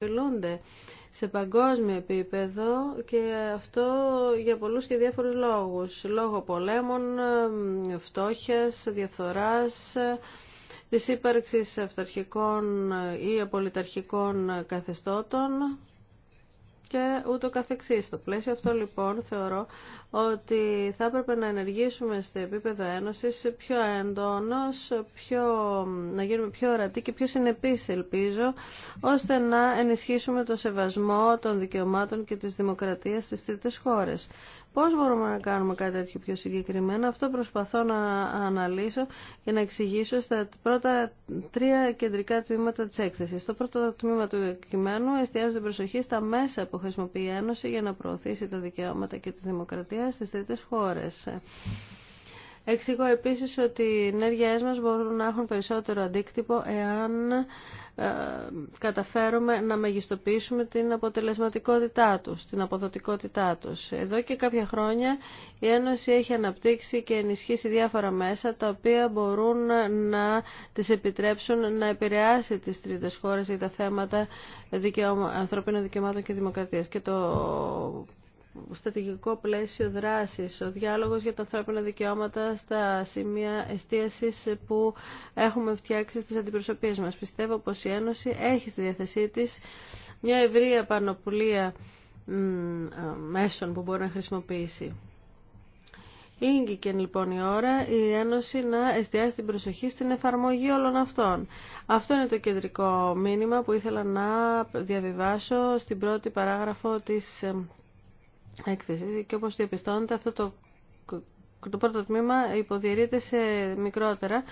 Μιλούνται σε παγκόσμιο επίπεδο και αυτό για πολλούς και διάφορους λόγους. Λόγω πολέμων, φτώχειας, διαφθοράς, της ύπαρξης αυταρχικών ή απολυταρχικών καθεστώτων και ούτω καθεξής. Στο πλαίσιο αυτό λοιπόν θεωρώ ότι θα έπρεπε να ενεργήσουμε στο επίπεδο ένωσης πιο έντονος, πιο, να γίνουμε πιο ορατοί και πιο συνεπείς ελπίζω, ώστε να ενισχύσουμε το σεβασμό των δικαιωμάτων και της δημοκρατίας στις τρίτες χώρες. Πώς μπορούμε να κάνουμε κάτι τέτοιο πιο συγκεκριμένα, αυτό προσπαθώ να αναλύσω και να εξηγήσω στα πρώτα τρία κεντρικά τμήματα της έκθεσης. Το πρώτο τμήμα του κειμένου εστιάζει την προσοχή στα μέσα που χρησιμοποιεί η Ένωση για να προωθήσει τα δικαιώματα και τη δημοκρατία στις τρίτες χώρες. Εξηγώ επίσης ότι οι ενέργειές μας μπορούν να έχουν περισσότερο αντίκτυπο εάν ε, καταφέρουμε να μεγιστοποιήσουμε την αποτελεσματικότητά τους, την αποδοτικότητά τους. Εδώ και κάποια χρόνια η Ένωση έχει αναπτύξει και ενισχύσει διάφορα μέσα τα οποία μπορούν να τις επιτρέψουν να επηρεάσει τις τρίτες χώρες για τα θέματα ανθρωπίνων δικαιωμάτων και δημοκρατίας στρατηγικό πλαίσιο δράσης, ο διάλογος για τα ανθρώπινα δικαιώματα στα σημεία εστίασης που έχουμε φτιάξει στις αντιπροσωπίες μας. Πιστεύω πως η Ένωση έχει στη διαθεσή της μια ευρία πανοπουλία μέσων που μπορεί να χρησιμοποιήσει. Ήγηκε λοιπόν η ώρα η Ένωση να εστιάσει την προσοχή στην εφαρμογή όλων αυτών. Αυτό είναι το κεντρικό μήνυμα που ήθελα να διαβιβάσω στην πρώτη παράγραφο της ε, Εκθεση και όπως διαπιστώνετε αυτό το το πρώτο τμήμα υποδιαιρείται σε μικρότερα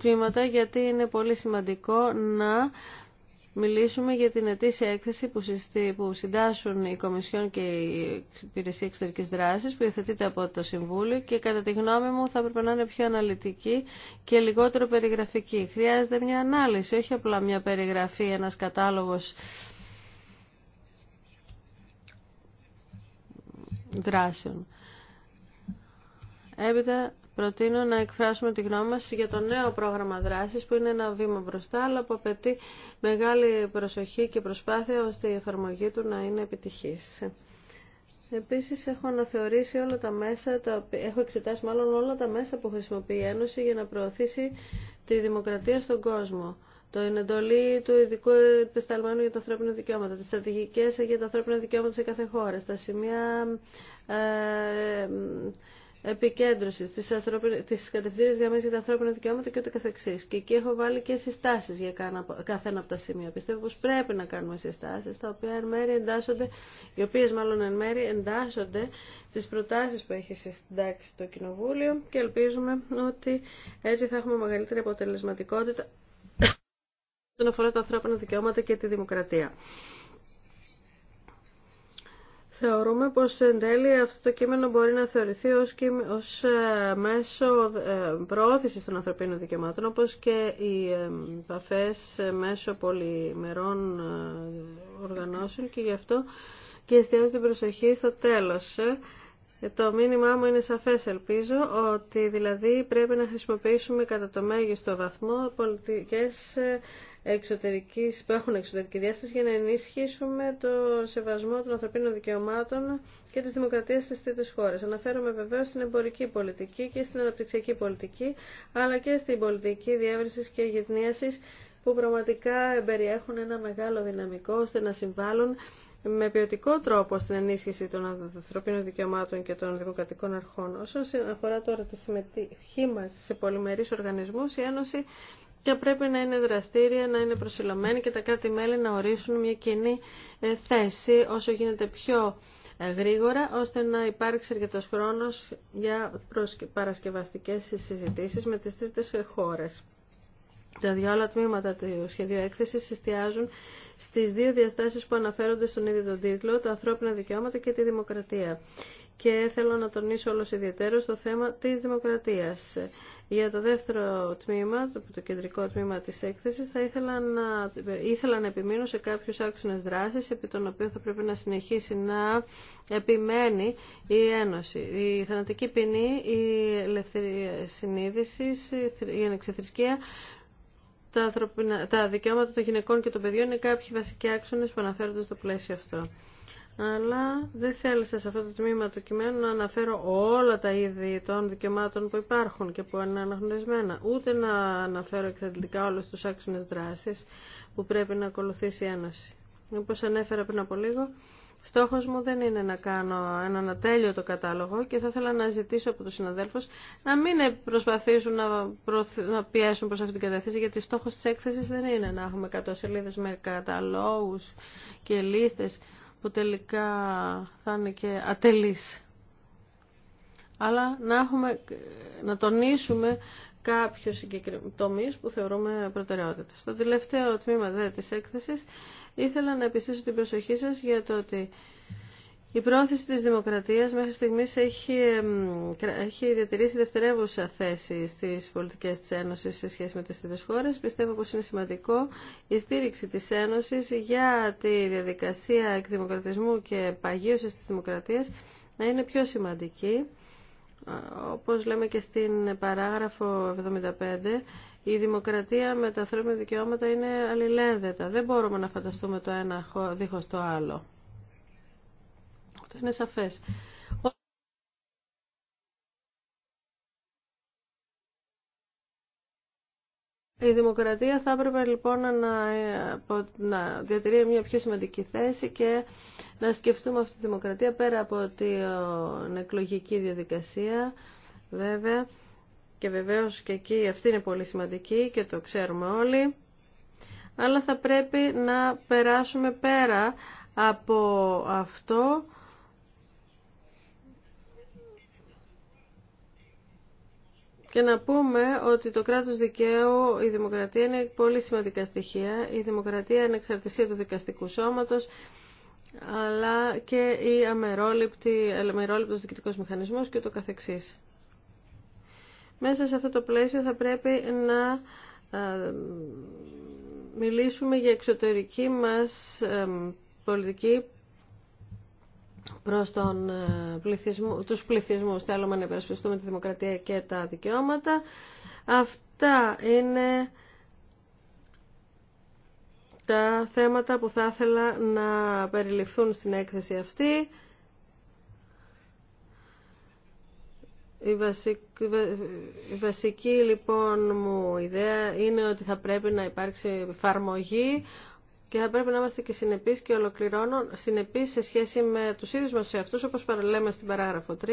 τμήματα γιατί είναι πολύ σημαντικό να μιλήσουμε για την ετήσια έκθεση που συντάσσουν η Κομισιόν και η Υπηρεσία Εξωτερική Δράση, που υιοθετείται από το Συμβούλιο και κατά τη γνώμη μου θα έπρεπε να είναι πιο αναλυτική και λιγότερο περιγραφική. Χρειάζεται μια ανάλυση, όχι απλά μια περιγραφή, ένας κατάλογος δράσεων. Έπειτα προτείνω να εκφράσουμε τη γνώμη μας για το νέο πρόγραμμα δράσης που είναι ένα βήμα μπροστά αλλά που απαιτεί μεγάλη προσοχή και προσπάθεια ώστε η εφαρμογή του να είναι επιτυχής. Επίσης έχω αναθεωρήσει όλα τα μέσα, έχω εξετάσει μάλλον όλα τα μέσα που χρησιμοποιεί η Ένωση για να προωθήσει τη δημοκρατία στον κόσμο το εντολή του ειδικού επισταλμένου για τα ανθρώπινα δικαιώματα, τι στρατηγικές για τα ανθρώπινα δικαιώματα σε κάθε χώρα, στα σημεία ε, επικέντρωση τη κατευθύνε γραμμή για τα ανθρώπινα δικαιώματα και ούτε καθεξή. Και εκεί έχω βάλει και συστάσει για κάθε ένα από τα σημεία. Πιστεύω πω πρέπει να κάνουμε συστάσει, τα οποία εν μέρει εντάσσονται, οι οποίε μάλλον εν μέρει εντάσσονται στι προτάσει που έχει συντάξει το Κοινοβούλιο και ελπίζουμε ότι έτσι θα έχουμε μεγαλύτερη αποτελεσματικότητα όσον αφορά τα ανθρώπινα δικαιώματα και τη δημοκρατία. Θεωρούμε πως εν τέλει αυτό το κείμενο μπορεί να θεωρηθεί ως, ως ε, μέσο ε, προώθησης των ανθρωπίνων δικαιωμάτων, όπως και οι ε, επαφέ μέσω πολυμερών οργανώσεων και γι' αυτό και εστιάζει την προσοχή στο τέλος. Το μήνυμά μου είναι σαφές ελπίζω ότι δηλαδή πρέπει να χρησιμοποιήσουμε κατά το μέγιστο βαθμό πολιτικές που έχουν εξωτερική διάσταση για να ενισχύσουμε το σεβασμό των ανθρωπίνων δικαιωμάτων και τη δημοκρατία στι τρίτε χώρε. Αναφέρομαι βεβαίως στην εμπορική πολιτική και στην αναπτυξιακή πολιτική, αλλά και στην πολιτική διεύρυνση και γυρνίασης που πραγματικά περιέχουν ένα μεγάλο δυναμικό ώστε να συμβάλλουν με ποιοτικό τρόπο στην ενίσχυση των ανθρωπίνων δικαιωμάτων και των δημοκρατικών αρχών. Όσον αφορά τώρα τη συμμετοχή μα σε πολυμερεί οργανισμού, η Ένωση και πρέπει να είναι δραστήρια, να είναι προσιλωμένη και τα κράτη-μέλη να ορίσουν μια κοινή ε, θέση όσο γίνεται πιο ε, γρήγορα, ώστε να υπάρξει αρκετό χρόνος για παρασκευαστικές συζητήσεις με τις τρίτες χώρες. Τα δύο άλλα τμήματα του σχεδίου έκθεση εστιάζουν στι δύο διαστάσει που αναφέρονται στον ίδιο τον τίτλο, τα ανθρώπινα δικαιώματα και τη δημοκρατία και θέλω να τονίσω όλος ιδιαίτερο το θέμα της δημοκρατίας. Για το δεύτερο τμήμα, το κεντρικό τμήμα της έκθεσης, θα ήθελα να, επιμείνω σε κάποιους άξονες δράσης, επί των οποίων θα πρέπει να συνεχίσει να επιμένει η Ένωση. Η θανατική ποινή, η ελευθερία συνείδησης, η ανεξιθρησκεία, τα δικαιώματα των γυναικών και των παιδιών είναι κάποιοι βασικοί άξονες που αναφέρονται στο πλαίσιο αυτό αλλά δεν θέλησα σε αυτό το τμήμα του κειμένου να αναφέρω όλα τα είδη των δικαιωμάτων που υπάρχουν και που είναι αναγνωρισμένα, ούτε να αναφέρω εξαντλητικά όλες τους άξονες δράσεις που πρέπει να ακολουθήσει η Ένωση. Όπως ανέφερα πριν από λίγο, στόχος μου δεν είναι να κάνω έναν ατέλειωτο κατάλογο και θα ήθελα να ζητήσω από τους συναδέλφους να μην προσπαθήσουν να, να πιέσουν προς αυτήν την κατεύθυνση, γιατί στόχος της έκθεσης δεν είναι να έχουμε 100 σελίδες με καταλόγους και λίστες που τελικά θα είναι και ατελής. Αλλά να, έχουμε, να τονίσουμε κάποιου τομεί που θεωρούμε προτεραιότητα. Στο τελευταίο τμήμα δε, της έκθεσης ήθελα να επιστήσω την προσοχή σας για το ότι η πρόθεση της δημοκρατίας μέχρι στιγμής έχει, έχει διατηρήσει δευτερεύουσα θέση στις πολιτικές της Ένωσης σε σχέση με τις ίδιες χώρες. Πιστεύω πως είναι σημαντικό η στήριξη της Ένωσης για τη διαδικασία εκδημοκρατισμού και παγίωσης της δημοκρατίας να είναι πιο σημαντική. Όπως λέμε και στην παράγραφο 75, η δημοκρατία με τα ανθρώπινα δικαιώματα είναι αλληλένδετα. Δεν μπορούμε να φανταστούμε το ένα δίχως το άλλο. Αυτό είναι Η δημοκρατία θα έπρεπε λοιπόν ε, να, διατηρεί μια πιο σημαντική θέση και να σκεφτούμε αυτή τη δημοκρατία πέρα από την εκλογική διαδικασία βέβαια και βεβαίως και εκεί αυτή είναι πολύ σημαντική και το ξέρουμε όλοι αλλά θα πρέπει να περάσουμε πέρα από αυτό και να πούμε ότι το κράτος δικαίου, η δημοκρατία είναι πολύ σημαντικά στοιχεία. Η δημοκρατία, είναι εξαρτησία του δικαστικού σώματος, αλλά και η αμερόληπτη, αμερόληπτος δικητικός μηχανισμός και το καθεξής. Μέσα σε αυτό το πλαίσιο θα πρέπει να ε, μιλήσουμε για εξωτερική μας ε, πολιτική προς τον ε, πληθυσμού, τους πληθυσμούς. Θέλουμε να υπερασπιστούμε τη δημοκρατία και τα δικαιώματα. Αυτά είναι τα θέματα που θα ήθελα να περιληφθούν στην έκθεση αυτή. Η βασική, λοιπόν μου ιδέα είναι ότι θα πρέπει να υπάρξει εφαρμογή και θα πρέπει να είμαστε και συνεπεί και ολοκληρώνω συνεπεί σε σχέση με του ίδιου μας εαυτού, όπως παραλέμε στην παράγραφο 3,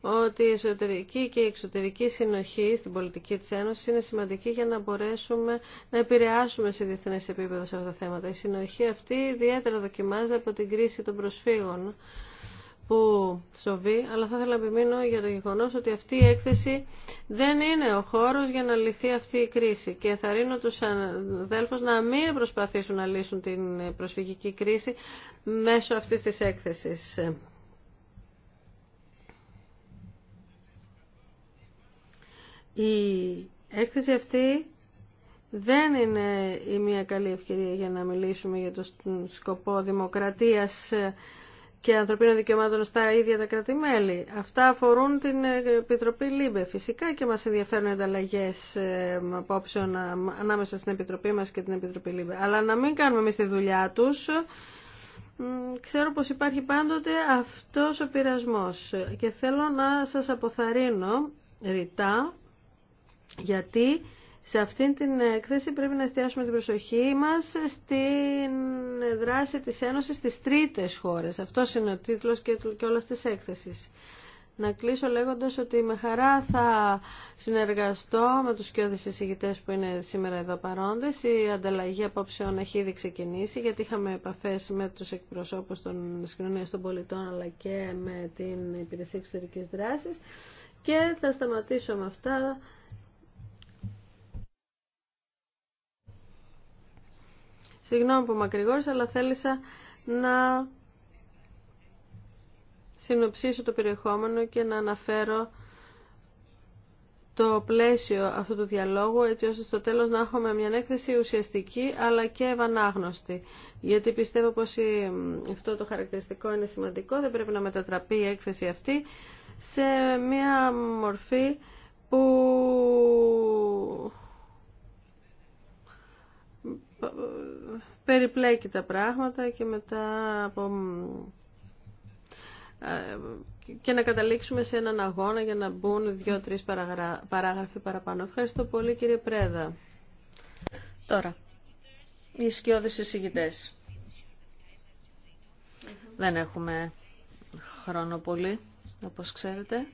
ότι η εσωτερική και η εξωτερική συνοχή στην πολιτική της Ένωσης είναι σημαντική για να μπορέσουμε να επηρεάσουμε σε διεθνές επίπεδο σε αυτά τα θέματα. Η συνοχή αυτή ιδιαίτερα δοκιμάζεται από την κρίση των προσφύγων που σοβεί, αλλά θα ήθελα να επιμείνω για το γεγονό ότι αυτή η έκθεση δεν είναι ο χώρο για να λυθεί αυτή η κρίση. Και θα ρίνω του αδέλφου να μην προσπαθήσουν να λύσουν την προσφυγική κρίση μέσω αυτή τη έκθεση. Η έκθεση αυτή δεν είναι η μία καλή ευκαιρία για να μιλήσουμε για τον σκοπό δημοκρατίας και ανθρωπίνων δικαιωμάτων στα ίδια τα κράτη-μέλη. Αυτά αφορούν την ε, Επιτροπή ΛΥΜΠΕ. Φυσικά και μας ενδιαφέρουν οι ανταλλαγές ε, απόψεων ανάμεσα στην Επιτροπή μας και την Επιτροπή ΛΥΜΠΕ. Αλλά να μην κάνουμε εμείς τη δουλειά τους. Ξέρω πως υπάρχει πάντοτε αυτός ο πειρασμός και θέλω να σας αποθαρρύνω ρητά γιατί σε αυτή την έκθεση πρέπει να εστιάσουμε την προσοχή μας στην δράση της Ένωσης στις τρίτες χώρες. Αυτό είναι ο τίτλος και όλα της έκθεσης. Να κλείσω λέγοντας ότι με χαρά θα συνεργαστώ με τους κοιόδης εισηγητές που είναι σήμερα εδώ παρόντες. Η ανταλλαγή απόψεων έχει ήδη ξεκινήσει γιατί είχαμε επαφές με τους εκπροσώπους των κοινωνία των πολιτών αλλά και με την Υπηρεσία Εξωτερικής Δράσης και θα σταματήσω με αυτά Συγγνώμη που μακρηγόρησα, αλλά θέλησα να συνοψίσω το περιεχόμενο και να αναφέρω το πλαίσιο αυτού του διαλόγου, έτσι ώστε στο τέλος να έχουμε μια έκθεση ουσιαστική αλλά και ευανάγνωστη. Γιατί πιστεύω πως αυτό το χαρακτηριστικό είναι σημαντικό, δεν πρέπει να μετατραπεί η έκθεση αυτή σε μια μορφή που περιπλέκει τα πράγματα και μετά από ε, και να καταλήξουμε σε έναν αγώνα για να μπουν δύο-τρεις παράγραφοι παραπάνω. Ευχαριστώ πολύ κύριε Πρέδα. Τώρα, οι σκιώδεις εισηγητές. Δεν έχουμε χρόνο πολύ, όπως ξέρετε.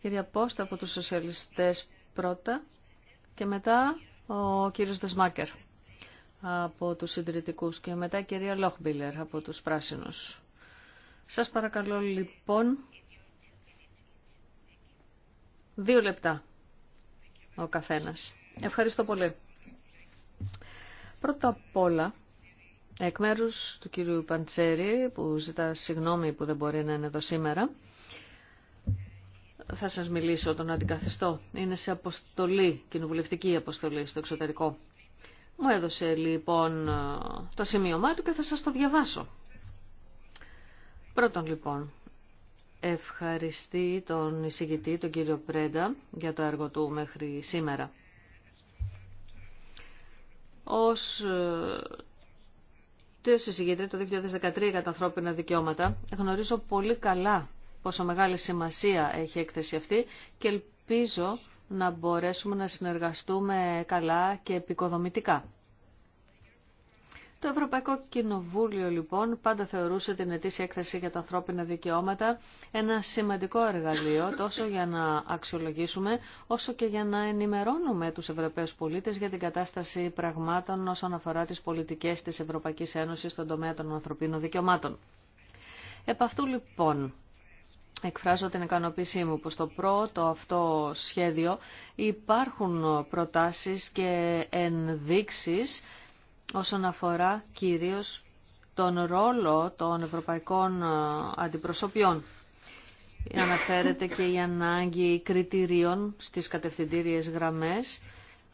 Κυρία Πόστα από τους σοσιαλιστές πρώτα και μετά ο κύριος Δεσμάκερ από τους συντηρητικούς και μετά η κυρία Λόχμπιλερ από τους πράσινους. Σας παρακαλώ λοιπόν δύο λεπτά ο καθένας. Ευχαριστώ πολύ. Πρώτα απ' όλα, εκ μέρους του κύριου Παντσέρη που ζητά συγγνώμη που δεν μπορεί να είναι εδώ σήμερα, θα σας μιλήσω τον αντικαθιστώ. Είναι σε αποστολή, κοινοβουλευτική αποστολή στο εξωτερικό. Μου έδωσε λοιπόν το σημείωμά του και θα σας το διαβάσω. Πρώτον λοιπόν, ευχαριστεί τον εισηγητή, τον κύριο Πρέντα, για το έργο του μέχρι σήμερα. Ως ε, τελευταίο εισηγητή το 2013 για τα ανθρώπινα δικαιώματα, γνωρίζω πολύ καλά πόσο μεγάλη σημασία έχει η έκθεση αυτή και ελπίζω να μπορέσουμε να συνεργαστούμε καλά και επικοδομητικά. Το Ευρωπαϊκό Κοινοβούλιο λοιπόν πάντα θεωρούσε την ετήσια έκθεση για τα ανθρώπινα δικαιώματα ένα σημαντικό εργαλείο τόσο για να αξιολογήσουμε όσο και για να ενημερώνουμε τους Ευρωπαίους πολίτες για την κατάσταση πραγμάτων όσον αφορά τις πολιτικές της Ευρωπαϊκής Ένωσης στον τομέα των ανθρωπίνων δικαιωμάτων. Επ' αυτού λοιπόν εκφράζω την ικανοποίησή μου που στο πρώτο αυτό σχέδιο υπάρχουν προτάσεις και ενδείξεις όσον αφορά κυρίως τον ρόλο των ευρωπαϊκών αντιπροσωπιών. Αναφέρεται και η ανάγκη κριτηρίων στις κατευθυντήριες γραμμές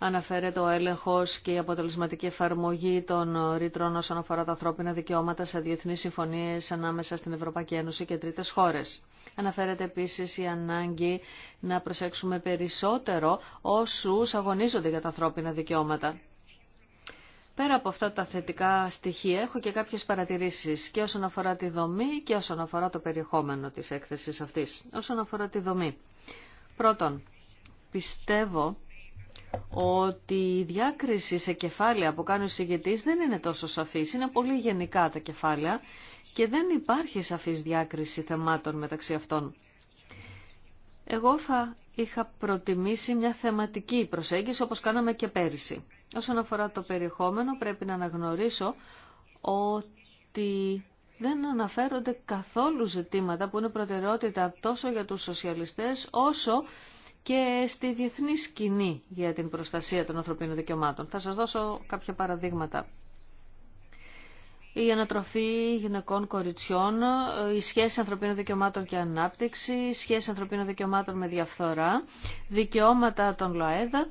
αναφέρεται ο έλεγχος και η αποτελεσματική εφαρμογή των ρήτρων όσον αφορά τα ανθρώπινα δικαιώματα σε διεθνείς συμφωνίες ανάμεσα στην Ευρωπαϊκή Ένωση και τρίτες χώρες. Αναφέρεται επίσης η ανάγκη να προσέξουμε περισσότερο όσους αγωνίζονται για τα ανθρώπινα δικαιώματα. Πέρα από αυτά τα θετικά στοιχεία έχω και κάποιες παρατηρήσεις και όσον αφορά τη δομή και όσον αφορά το περιεχόμενο της έκθεση αυτή. Όσον αφορά τη δομή. Πρώτον, πιστεύω ότι η διάκριση σε κεφάλαια που κάνει ο συγγετής δεν είναι τόσο σαφής, είναι πολύ γενικά τα κεφάλαια και δεν υπάρχει σαφής διάκριση θεμάτων μεταξύ αυτών. Εγώ θα είχα προτιμήσει μια θεματική προσέγγιση όπως κάναμε και πέρυσι. Όσον αφορά το περιεχόμενο πρέπει να αναγνωρίσω ότι δεν αναφέρονται καθόλου ζητήματα που είναι προτεραιότητα τόσο για τους σοσιαλιστές όσο και στη διεθνή σκηνή για την προστασία των ανθρωπίνων δικαιωμάτων. Θα σας δώσω κάποια παραδείγματα. Η ανατροφή γυναικών κοριτσιών, η σχέση ανθρωπίνων δικαιωμάτων και ανάπτυξη, η σχέση ανθρωπίνων δικαιωμάτων με διαφθορά, δικαιώματα των ΛΟΑΕΔΑ,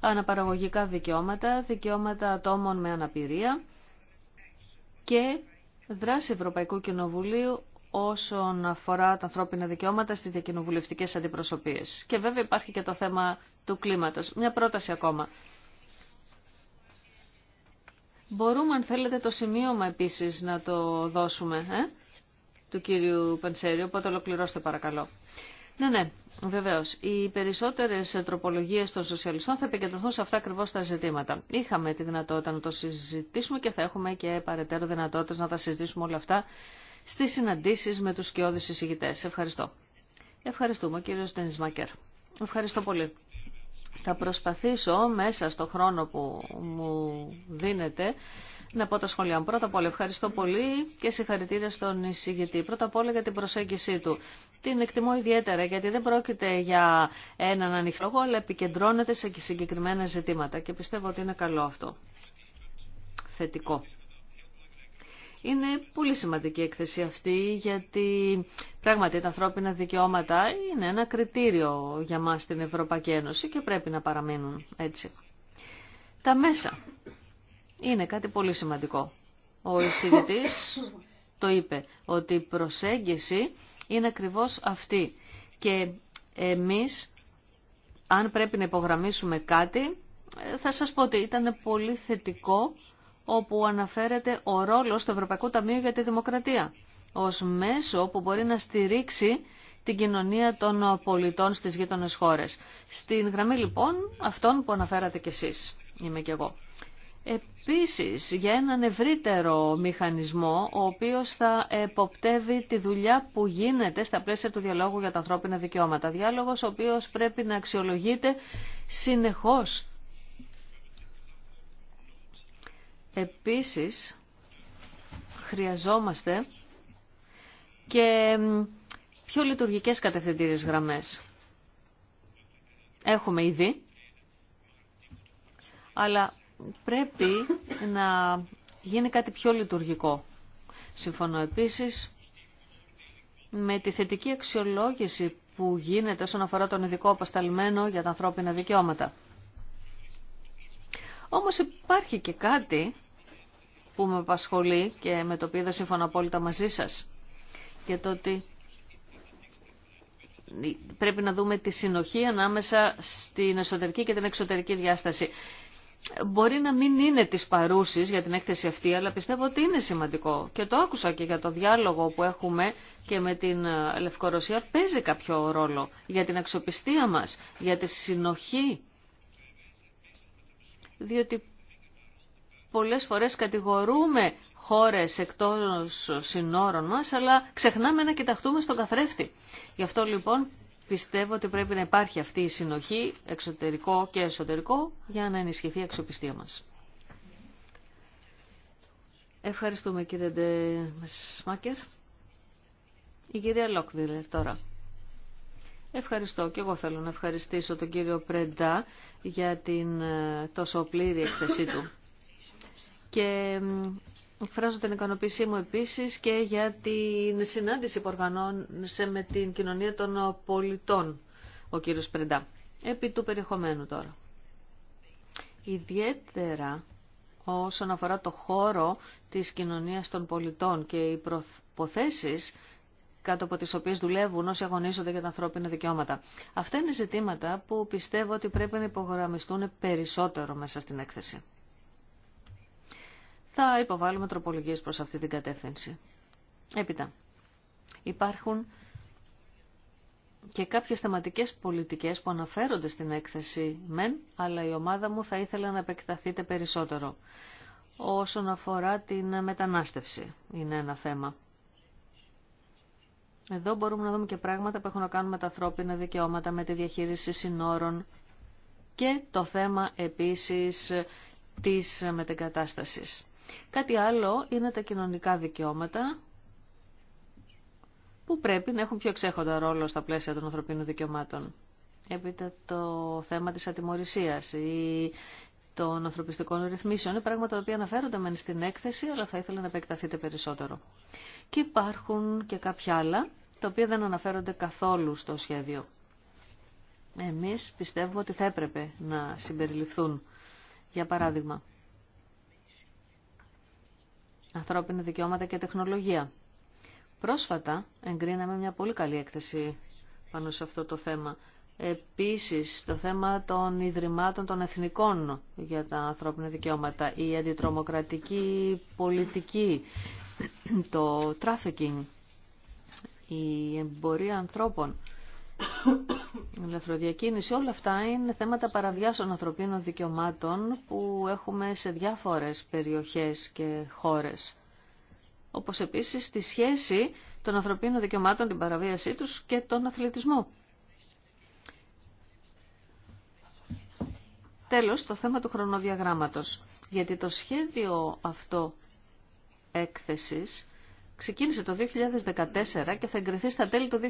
αναπαραγωγικά δικαιώματα, δικαιώματα ατόμων με αναπηρία και δράση Ευρωπαϊκού Κοινοβουλίου όσον αφορά τα ανθρώπινα δικαιώματα στις διακοινοβουλευτικές αντιπροσωπείες. Και βέβαια υπάρχει και το θέμα του κλίματος. Μια πρόταση ακόμα. Μπορούμε, αν θέλετε, το σημείωμα επίσης να το δώσουμε, ε? του κύριου Πενσέριου, οπότε ολοκληρώστε παρακαλώ. Ναι, ναι, βεβαίως. Οι περισσότερες τροπολογίε των σοσιαλιστών θα επικεντρωθούν σε αυτά ακριβώ τα ζητήματα. Είχαμε τη δυνατότητα να το συζητήσουμε και θα έχουμε και παρετέρω δυνατότητε να τα συζητήσουμε όλα αυτά στις συναντήσεις με τους σκιώδεις εισηγητές. Ευχαριστώ. Ευχαριστούμε κύριο Στενισμάκερ. Ευχαριστώ πολύ. Θα προσπαθήσω μέσα στο χρόνο που μου δίνεται να πω τα σχόλια μου. Πρώτα απ' όλα ευχαριστώ πολύ και συγχαρητήρια στον εισηγητή. Πρώτα απ' όλα για την προσέγγιση του. Την εκτιμώ ιδιαίτερα γιατί δεν πρόκειται για έναν ανοιχτό λόγο αλλά επικεντρώνεται σε συγκεκριμένα ζητήματα και πιστεύω ότι είναι καλό αυτό. Θετικό. Είναι πολύ σημαντική η έκθεση αυτή γιατί πράγματι τα ανθρώπινα δικαιώματα είναι ένα κριτήριο για μας στην Ευρωπαϊκή Ένωση και πρέπει να παραμείνουν έτσι. Τα μέσα είναι κάτι πολύ σημαντικό. Ο εισηγητής το είπε ότι η προσέγγιση είναι ακριβώς αυτή και εμείς αν πρέπει να υπογραμμίσουμε κάτι ε, θα σας πω ότι ήταν πολύ θετικό όπου αναφέρεται ο ρόλος του Ευρωπαϊκού Ταμείου για τη Δημοκρατία ως μέσο που μπορεί να στηρίξει την κοινωνία των πολιτών στις γείτονε χώρες. Στην γραμμή λοιπόν αυτών που αναφέρατε κι εσείς, είμαι κι εγώ. Επίσης για έναν ευρύτερο μηχανισμό ο οποίος θα εποπτεύει τη δουλειά που γίνεται στα πλαίσια του διαλόγου για τα ανθρώπινα δικαιώματα. Διάλογος ο οποίος πρέπει να αξιολογείται συνεχώς Επίσης, χρειαζόμαστε και πιο λειτουργικές κατευθυντήριες γραμμές. Έχουμε ήδη, αλλά πρέπει να γίνει κάτι πιο λειτουργικό. Συμφωνώ επίσης με τη θετική αξιολόγηση που γίνεται όσον αφορά τον ειδικό απασταλμένο για τα ανθρώπινα δικαιώματα. Όμως υπάρχει και κάτι που με απασχολεί και με το οποίο δεν συμφωνώ απόλυτα μαζί σας. Και το ότι πρέπει να δούμε τη συνοχή ανάμεσα στην εσωτερική και την εξωτερική διάσταση. Μπορεί να μην είναι της παρούσης για την έκθεση αυτή, αλλά πιστεύω ότι είναι σημαντικό. Και το άκουσα και για το διάλογο που έχουμε και με την Λευκορωσία παίζει κάποιο ρόλο για την αξιοπιστία μας, για τη συνοχή. Διότι πολλές φορές κατηγορούμε χώρες εκτός συνόρων μας, αλλά ξεχνάμε να κοιταχτούμε στον καθρέφτη. Γι' αυτό λοιπόν πιστεύω ότι πρέπει να υπάρχει αυτή η συνοχή εξωτερικό και εσωτερικό για να ενισχυθεί η αξιοπιστία μας. Ευχαριστούμε κύριε Ντεμεσμάκερ. Η κυρία Λόκβιλερ τώρα. Ευχαριστώ και εγώ θέλω να ευχαριστήσω τον κύριο Πρεντά για την ε, τόσο πλήρη εκθεσή του. Και εκφράζω την ικανοποίησή μου επίσης και για την συνάντηση που οργανώνεσαι με την κοινωνία των πολιτών ο κύριος Πρεντά. Επί του περιεχομένου τώρα. Ιδιαίτερα όσον αφορά το χώρο της κοινωνίας των πολιτών και οι προθέσεις κάτω από τις οποίες δουλεύουν όσοι αγωνίζονται για τα ανθρώπινα δικαιώματα. Αυτά είναι ζητήματα που πιστεύω ότι πρέπει να υπογραμμιστούν περισσότερο μέσα στην έκθεση θα υποβάλουμε τροπολογίες προς αυτή την κατεύθυνση. Έπειτα, υπάρχουν και κάποιες θεματικές πολιτικές που αναφέρονται στην έκθεση μεν, αλλά η ομάδα μου θα ήθελε να επεκταθείτε περισσότερο. Όσον αφορά την μετανάστευση είναι ένα θέμα. Εδώ μπορούμε να δούμε και πράγματα που έχουν να κάνουν με τα ανθρώπινα δικαιώματα, με τη διαχείριση συνόρων και το θέμα επίσης της μετεγκατάστασης. Κάτι άλλο είναι τα κοινωνικά δικαιώματα που πρέπει να έχουν πιο εξέχοντα ρόλο στα πλαίσια των ανθρωπίνων δικαιωμάτων. Έπειτα το θέμα της ατιμορρησίας ή των ανθρωπιστικών ρυθμίσεων είναι πράγματα τα οποία αναφέρονται μεν στην έκθεση, αλλά θα ήθελα να επεκταθείτε περισσότερο. Και υπάρχουν και κάποια άλλα, τα οποία δεν αναφέρονται καθόλου στο σχέδιο. Εμείς πιστεύουμε ότι θα έπρεπε να συμπεριληφθούν. Για παράδειγμα, ανθρώπινα δικαιώματα και τεχνολογία. Πρόσφατα εγκρίναμε μια πολύ καλή έκθεση πάνω σε αυτό το θέμα. Επίσης, το θέμα των Ιδρυμάτων των Εθνικών για τα ανθρώπινα δικαιώματα, η αντιτρομοκρατική πολιτική, το τράφικινγκ, η εμπορία ανθρώπων ελευθεροδιακίνηση, όλα αυτά είναι θέματα παραβιάσεων ανθρωπίνων δικαιωμάτων που έχουμε σε διάφορες περιοχές και χώρες. Όπως επίσης τη σχέση των ανθρωπίνων δικαιωμάτων, την παραβίασή τους και τον αθλητισμό. Τέλος, το θέμα του χρονοδιαγράμματος. Γιατί το σχέδιο αυτό έκθεσης ξεκίνησε το 2014 και θα εγκριθεί στα τέλη το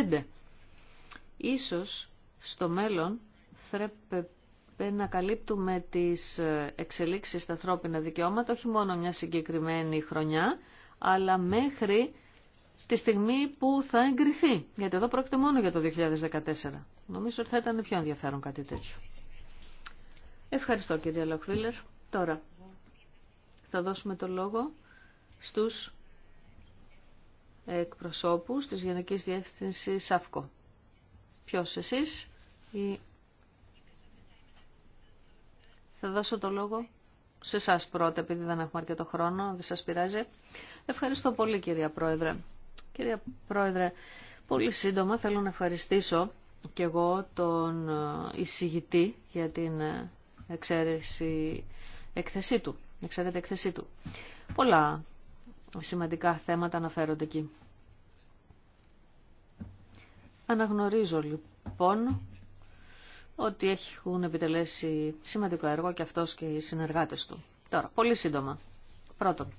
2015. Ίσως στο μέλλον πρέπει να καλύπτουμε τις ε, εξελίξεις στα ανθρώπινα δικαιώματα όχι μόνο μια συγκεκριμένη χρονιά, αλλά μέχρι τη στιγμή που θα εγκριθεί. Γιατί εδώ πρόκειται μόνο για το 2014. Νομίζω ότι θα ήταν πιο ενδιαφέρον κάτι τέτοιο. Ευχαριστώ κύριε Λοκβίλερ. Τώρα θα δώσουμε το λόγο στους εκπροσώπους της Γενικής Διεύθυνσης ΑΦΚΟ. Ποιος εσείς ή... Θα δώσω το λόγο σε εσά πρώτα, επειδή δεν έχουμε αρκετό χρόνο, δεν σας πειράζει. Ευχαριστώ πολύ κυρία Πρόεδρε. Κυρία Πρόεδρε, πολύ σύντομα θέλω να ευχαριστήσω και εγώ τον ε, εισηγητή για την ε, εξαίρεση εκθεσή του. εκθεσή του. Πολλά σημαντικά θέματα αναφέρονται εκεί. Αναγνωρίζω λοιπόν ότι έχουν επιτελέσει σημαντικό έργο και αυτός και οι συνεργάτες του. Τώρα, πολύ σύντομα. Πρώτον,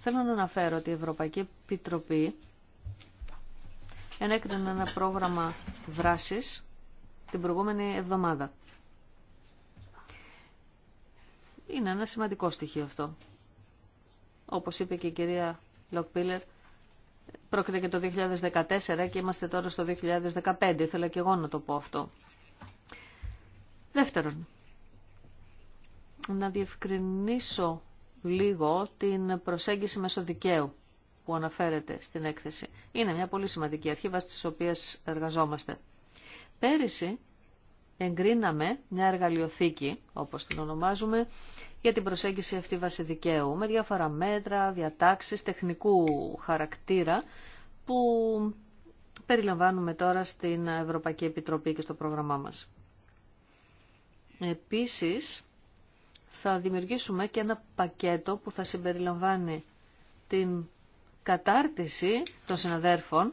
θέλω να αναφέρω ότι η Ευρωπαϊκή Επιτροπή ενέκρινε ένα πρόγραμμα δράσης την προηγούμενη εβδομάδα. Είναι ένα σημαντικό στοιχείο αυτό. Όπως είπε και η κυρία Λοκπίλερ, Πρόκειται και το 2014 και είμαστε τώρα στο 2015. Ήθελα και εγώ να το πω αυτό. Δεύτερον, να διευκρινίσω λίγο την προσέγγιση μεσοδικαίου που αναφέρεται στην έκθεση. Είναι μια πολύ σημαντική αρχή βάσει της οποίας εργαζόμαστε. Πέρυσι εγκρίναμε μια εργαλειοθήκη, όπως την ονομάζουμε, για την προσέγγιση αυτή βασιδικαίου, με διάφορα μέτρα, διατάξεις τεχνικού χαρακτήρα, που περιλαμβάνουμε τώρα στην Ευρωπαϊκή Επιτροπή και στο πρόγραμμά μας. Επίσης, θα δημιουργήσουμε και ένα πακέτο που θα συμπεριλαμβάνει την κατάρτιση των συναδέρφων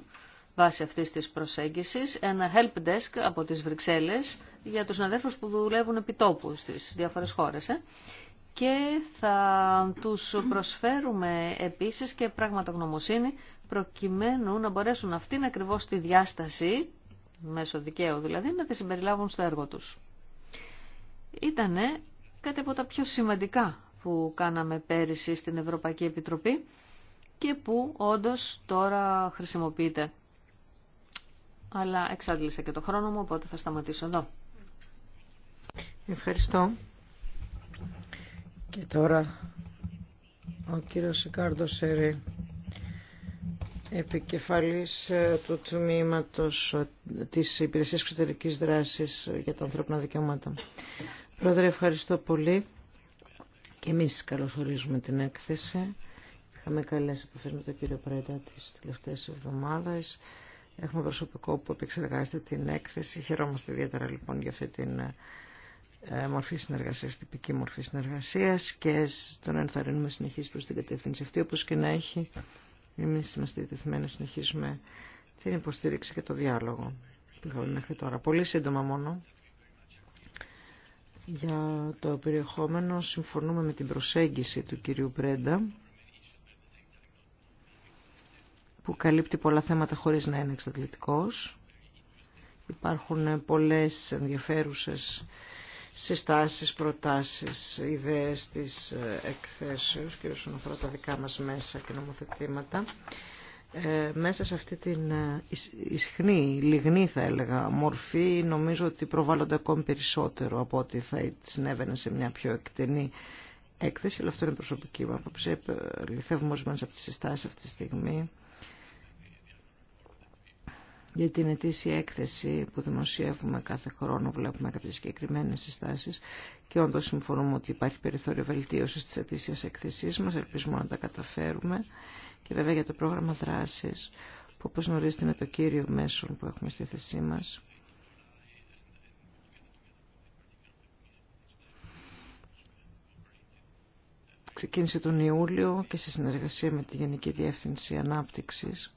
βάσει αυτής της προσέγγισης ένα help desk από τις Βρυξέλλες για τους συναδέλφου που δουλεύουν επιτόπου στις διάφορες χώρες. Ε? Και θα τους προσφέρουμε επίσης και πράγματα γνωμοσύνη προκειμένου να μπορέσουν αυτήν ακριβώς τη διάσταση, μέσω δικαίου δηλαδή, να τη συμπεριλάβουν στο έργο τους. Ήτανε κάτι από τα πιο σημαντικά που κάναμε πέρυσι στην Ευρωπαϊκή Επιτροπή και που όντως τώρα χρησιμοποιείται αλλά εξάντλησα και το χρόνο μου, οπότε θα σταματήσω εδώ. Ευχαριστώ. Και τώρα ο κύριος Σικάρντο Σερή, επικεφαλής ε, του τμήματος ε, της Υπηρεσίας Εξωτερικής Δράσης για τα ανθρώπινα δικαιώματα. Πρόεδρε, ευχαριστώ πολύ. Και εμείς καλωσορίζουμε την έκθεση. Είχαμε καλές επαφές με τον κύριο Πρέντα τις τελευταίες εβδομάδες. Έχουμε προσωπικό που επεξεργάζεται την έκθεση. Χαιρόμαστε ιδιαίτερα λοιπόν για αυτή την ε, μορφή συνεργασία, τυπική μορφή συνεργασία και τον ενθαρρύνουμε συνεχίσει προς την κατεύθυνση αυτή όπως και να έχει. Εμεί είμαστε διευθυμένοι να συνεχίσουμε την υποστήριξη και το διάλογο που είχαμε μέχρι τώρα. Πολύ σύντομα μόνο. Για το περιεχόμενο συμφωνούμε με την προσέγγιση του κυρίου Πρέντα που καλύπτει πολλά θέματα χωρίς να είναι εξαντλητικός. Υπάρχουν πολλές ενδιαφέρουσες συστάσεις, προτάσεις, ιδέες της ε, εκθέσεως και όσον αφορά τα δικά μας μέσα και νομοθετήματα. Ε, μέσα σε αυτή την ε, ισχνή, λιγνή θα έλεγα, μορφή νομίζω ότι προβάλλονται ακόμη περισσότερο από ό,τι θα συνέβαινε σε μια πιο εκτενή έκθεση, αλλά αυτό είναι προσωπική μου άποψη. Ε, Λυθεύουμε ορισμένε από τι συστάσει αυτή τη στιγμή για την ετήσια έκθεση που δημοσιεύουμε κάθε χρόνο, βλέπουμε κάποιες συγκεκριμένε συστάσεις και όντως συμφωνούμε ότι υπάρχει περιθώριο βελτίωσης της ετήσιας έκθεσής μας, ελπίζουμε να τα καταφέρουμε και βέβαια για το πρόγραμμα δράσης που όπως γνωρίζετε είναι το κύριο μέσο που έχουμε στη θέσή μας. Ξεκίνησε τον Ιούλιο και σε συνεργασία με τη Γενική Διεύθυνση Ανάπτυξης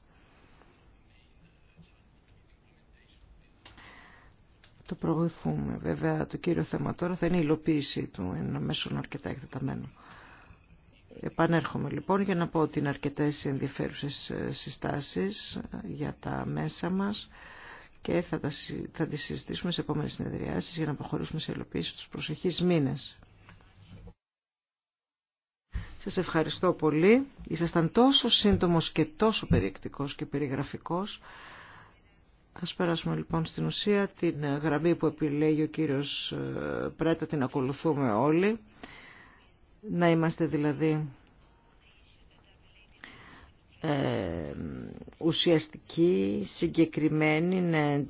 το προωθούμε. Βέβαια το κύριο θέμα τώρα θα είναι η υλοποίηση του ένα μέσων αρκετά εκτεταμένου. Επανέρχομαι λοιπόν για να πω ότι είναι αρκετές ενδιαφέρουσες ε, συστάσεις ε, για τα μέσα μας και θα, τα, τις συζητήσουμε σε επόμενες συνεδριάσεις για να προχωρήσουμε σε υλοποίηση τους προσεχείς μήνες. Σας ευχαριστώ πολύ. Ήσασταν τόσο σύντομος και τόσο περιεκτικός και περιγραφικός. Ας περάσουμε λοιπόν στην ουσία την ε, γραμμή που επιλέγει ο κύριος ε, Πρέτα, την ακολουθούμε όλοι. Να είμαστε δηλαδή ε, ουσιαστικοί, συγκεκριμένοι, να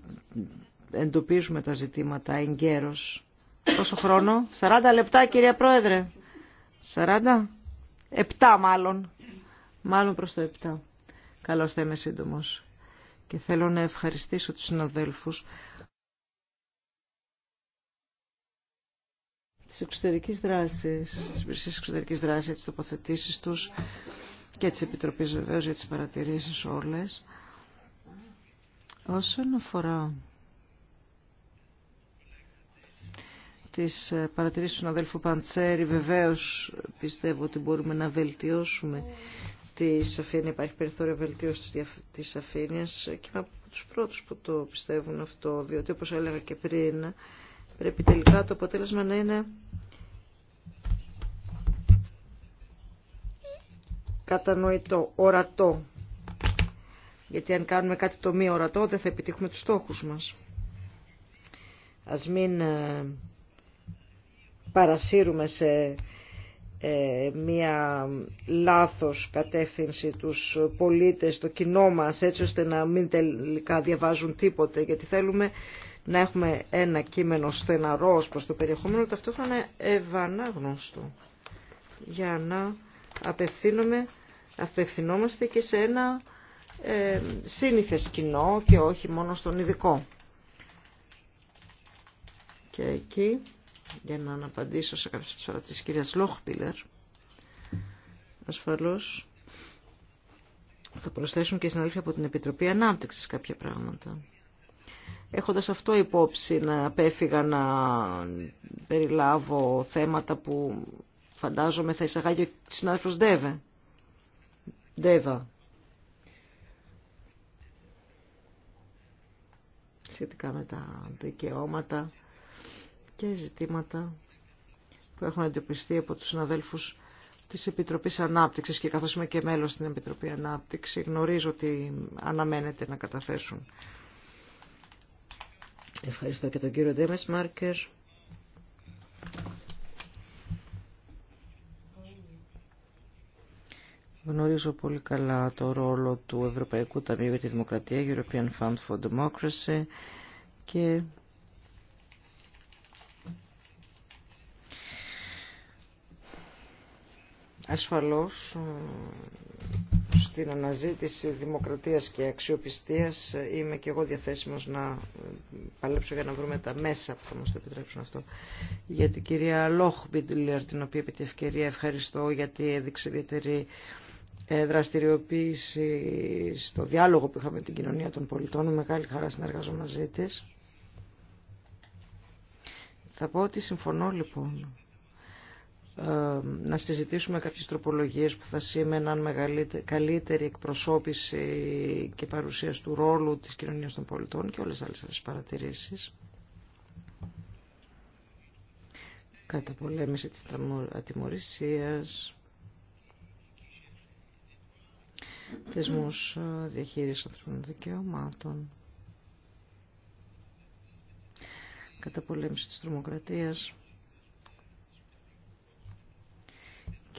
εντοπίζουμε τα ζητήματα εγκαίρως. Πόσο χρόνο, 40 λεπτά κυρία Πρόεδρε, 40, 7 μάλλον, μάλλον προς το 7. Καλώς θα είμαι σύντομος και θέλω να ευχαριστήσω τους συναδέλφους της εξωτερικής δράσης, της υπηρεσίας εξωτερικής δράσης, για τις τοποθετήσεις τους και της Επιτροπής βεβαίω για τις παρατηρήσεις όλες. Όσον αφορά τις παρατηρήσεις του αδέλφου Παντσέρη βεβαίως πιστεύω ότι μπορούμε να βελτιώσουμε τη υπάρχει περιθώριο βελτίωση της αφήνειας και είμαι από τους πρώτους που το πιστεύουν αυτό, διότι όπως έλεγα και πριν, πρέπει τελικά το αποτέλεσμα να είναι κατανοητό, ορατό. Γιατί αν κάνουμε κάτι το μη ορατό δεν θα επιτύχουμε τους στόχους μας. Α μην ε, παρασύρουμε σε ε, μία λάθος κατεύθυνση τους πολίτες, το κοινό μας, έτσι ώστε να μην τελικά διαβάζουν τίποτε, γιατί θέλουμε να έχουμε ένα κείμενο στεναρό ως προς το περιεχόμενο, ταυτόχρονα ευανάγνωστο, για να απευθύνομαι, απευθυνόμαστε και σε ένα ε, σύνηθες κοινό και όχι μόνο στον ειδικό. Και εκεί για να απαντήσω σε κάποιες τις ερωτήσεις της κυρίας Λόχπιλερ. Ασφαλώς θα προσθέσουν και οι συναδέλφοι από την Επιτροπή Ανάπτυξης κάποια πράγματα. Έχοντας αυτό υπόψη να απέφυγα να περιλάβω θέματα που φαντάζομαι θα εισαγάγει ο συνάδελφος Ντέβε. Ντέβα. Σχετικά με τα δικαιώματα και ζητήματα που έχουν εντοπιστεί από τους συναδέλφους της Επιτροπής Ανάπτυξης και καθώς είμαι και μέλος στην Επιτροπή Ανάπτυξη γνωρίζω ότι αναμένεται να καταθέσουν. Ευχαριστώ και τον κύριο Ντέμες Μάρκερ. Γνωρίζω πολύ καλά το ρόλο του Ευρωπαϊκού Ταμείου για τη Δημοκρατία, European Fund for Democracy και ασφαλώς ε, στην αναζήτηση δημοκρατίας και αξιοπιστίας ε, είμαι και εγώ διαθέσιμος να ε, παλέψω για να βρούμε τα μέσα που θα μας το επιτρέψουν αυτό. Για την κυρία Λόχ την οποία επί τη ευκαιρία ευχαριστώ γιατί έδειξε ιδιαίτερη δραστηριοποίηση στο διάλογο που είχαμε με την κοινωνία των πολιτών. Μεγάλη χαρά συνεργάζομαι μαζί της. Θα πω ότι συμφωνώ λοιπόν ε, να συζητήσουμε κάποιες τροπολογίες που θα σήμαιναν καλύτερη εκπροσώπηση και παρουσίαση του ρόλου της κοινωνίας των πολιτών και όλες τις άλλες, άλλες παρατηρήσεις. Καταπολέμηση της ατιμορρησίας, θεσμούς ε, διαχείρισης ανθρώπινων δικαιωμάτων, καταπολέμηση της τρομοκρατίας,